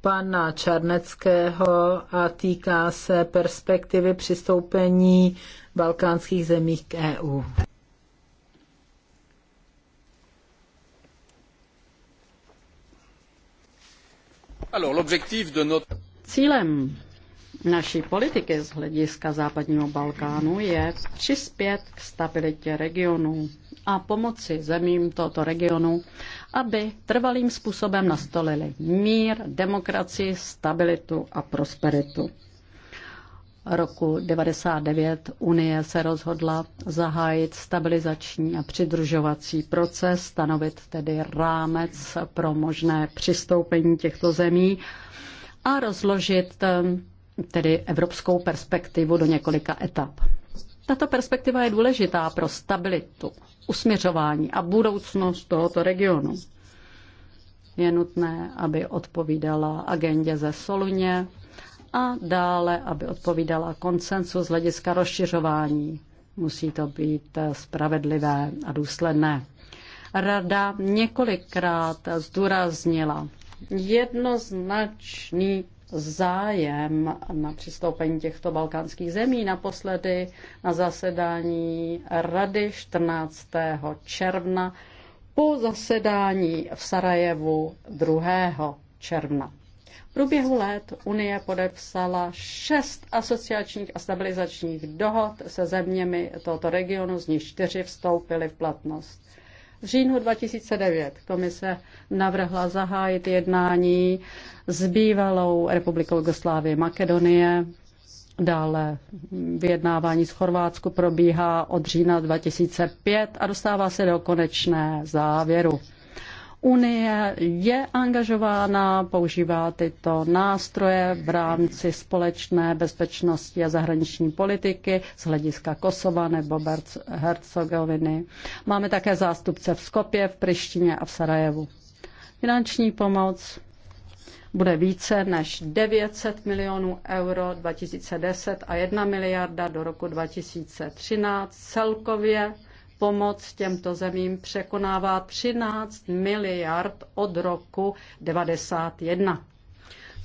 pana Čarneckého a týká se perspektivy přistoupení balkánských zemí k EU. Cílem naší politiky z hlediska západního Balkánu je přispět k stabilitě regionu a pomoci zemím tohoto regionu, aby trvalým způsobem nastolili mír, demokracii, stabilitu a prosperitu roku 99 Unie se rozhodla zahájit stabilizační a přidružovací proces, stanovit tedy rámec pro možné přistoupení těchto zemí a rozložit ehm, tedy evropskou perspektivu do několika etap. Tato perspektiva je důležitá pro stabilitu, usměřování a budoucnost tohoto regionu. Je nutné, aby odpovídala agendě ze Soluně, a dále, aby odpovídala konsensu z hlediska rozšiřování. Musí to být eh, spravedlivé a důsledné. Rada několikrát zdůraznila jednoznačný zájem na přistoupení těchto balkánských zemí. Naposledy na zasedání Rady 14. června po zasedání v Sarajevu 2. června průběhu let Unie podepsala šest asociačních a stabilizačních dohod se zeměmi tohoto regionu, z nich čtyři vstoupily v platnost. V říjnu 2009 komise navrhla zahájit jednání s bývalou republikou Jugoslávie Makedonie. Dále vyjednávání s Chorvátsku probíhá od října 2005 a dostává se do konečné závěru. Unie je angažována, používá tyto nástroje v rámci společné bezpečnosti a zahraniční politiky z hlediska Kosova nebo Hercegoviny. Máme také zástupce v Skopě, v Prištině a v Sarajevu. Finanční pomoc bude více než 900 milionů euro 2010 a 1 miliarda do roku 2013 celkově pomoc těmto zemím překonává 13 miliard od roku 1991.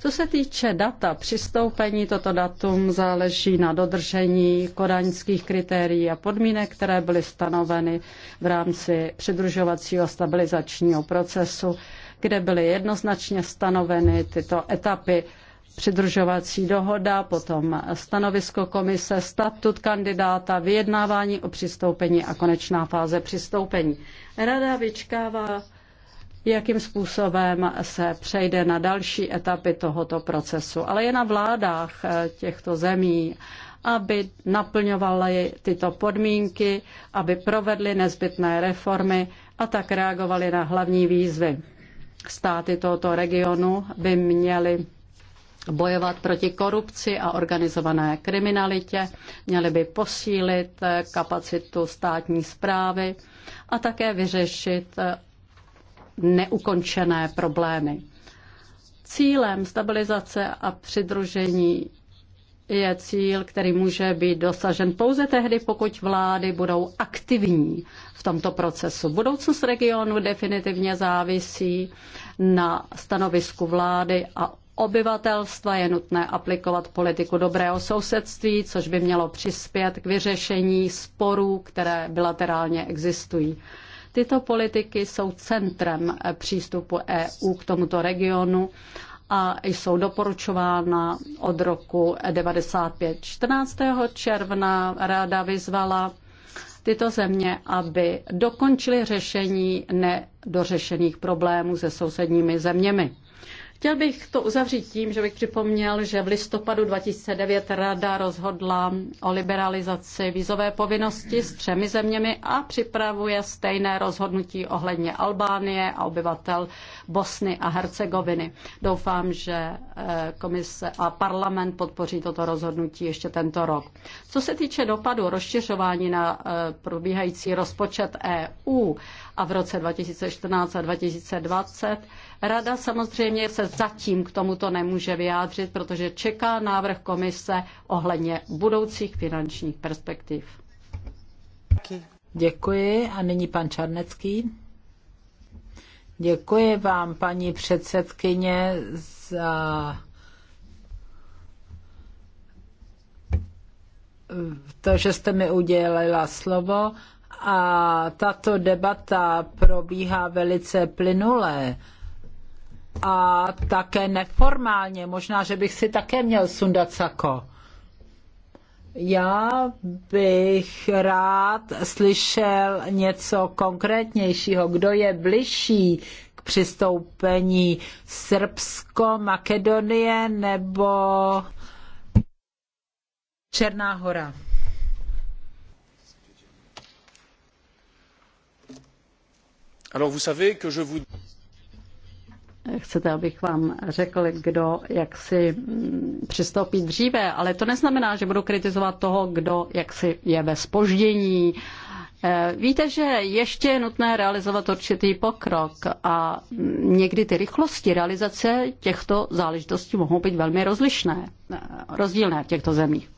Co se týče data přistoupení, toto datum záleží na dodržení kodaňských kritérií a podmínek, které byly stanoveny v rámci přidružovacího stabilizačního procesu, kde byly jednoznačně stanoveny tyto etapy přidružovací dohoda, potom stanovisko komise, statut kandidáta, vyjednávání o přistoupení a konečná fáze přistoupení. Rada vyčkává, jakým způsobem se přejde na další etapy tohoto procesu. Ale je na vládách eh, těchto zemí, aby naplňovaly tyto podmínky, aby provedly nezbytné reformy a tak reagovaly na hlavní výzvy. Státy tohoto regionu by měly bojovat proti korupci a organizované kriminalitě, měly by posílit kapacitu státní zprávy a také vyřešit neukončené problémy. Cílem stabilizace a přidružení je cíl, který může být dosažen pouze tehdy, pokud vlády budou aktivní v tomto procesu. Budoucnost regionu definitivně závisí na stanovisku vlády a obyvatelstva je nutné aplikovat politiku dobrého sousedství, což by mělo přispět k vyřešení sporů, které bilaterálně existují. Tyto politiky jsou centrem přístupu EU k tomuto regionu a jsou doporučována od roku 1995. 14. června ráda vyzvala tyto země, aby dokončily řešení nedořešených problémů se sousedními zeměmi. Chtěl bych to uzavřít tím, že bych připomněl, že v listopadu 2009 Rada rozhodla o liberalizaci vízové povinnosti s třemi zeměmi a připravuje stejné rozhodnutí ohledně Albánie a obyvatel Bosny a Hercegoviny. Doufám, že eh, komise a parlament podpoří toto rozhodnutí ještě tento rok. Co se týče dopadu rozšiřování na eh, probíhající rozpočet EU a v roce 2014 a 2020, Rada samozřejmě se zatím k tomuto nemůže vyjádřit, protože čeká návrh komise ohledně budoucích finančních perspektiv. Děkuji a nyní pan Čarnecký. Děkuji vám, paní předsedkyně, za to, že jste mi udělila slovo a tato debata probíhá velice plynulé a také neformálně. Možná, že bych si také měl sundat sako. Já bych rád slyšel něco konkrétnějšího. Kdo je bližší k přistoupení Srbsko, Makedonie nebo Černá hora? Alors vous savez que je vous Chcete, abych vám řekl, kdo jak si mm, přistoupí dříve, ale to neznamená, že budu kritizovat toho, kdo jak si je ve spoždění. Eh, víte, že ještě je nutné realizovat určitý pokrok a mm, někdy ty rychlosti realizace těchto záležitostí mohou být velmi rozlišné, eh, rozdílné v těchto zemích.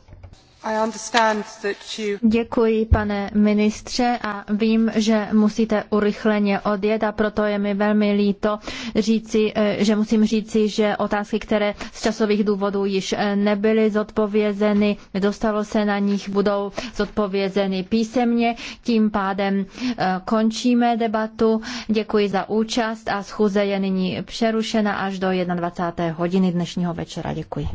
Děkuji, pane ministře, a vím, že musíte urychleně odjet a proto je mi velmi líto říci, eh, že musím říci, že otázky, které z časových důvodů již eh, nebyly zodpovězeny, dostalo se na nich, budou zodpovězeny písemně. Tím pádem eh, končíme debatu. Děkuji za účast a schůze je nyní přerušena až do 21. hodiny dnešního večera. Děkuji.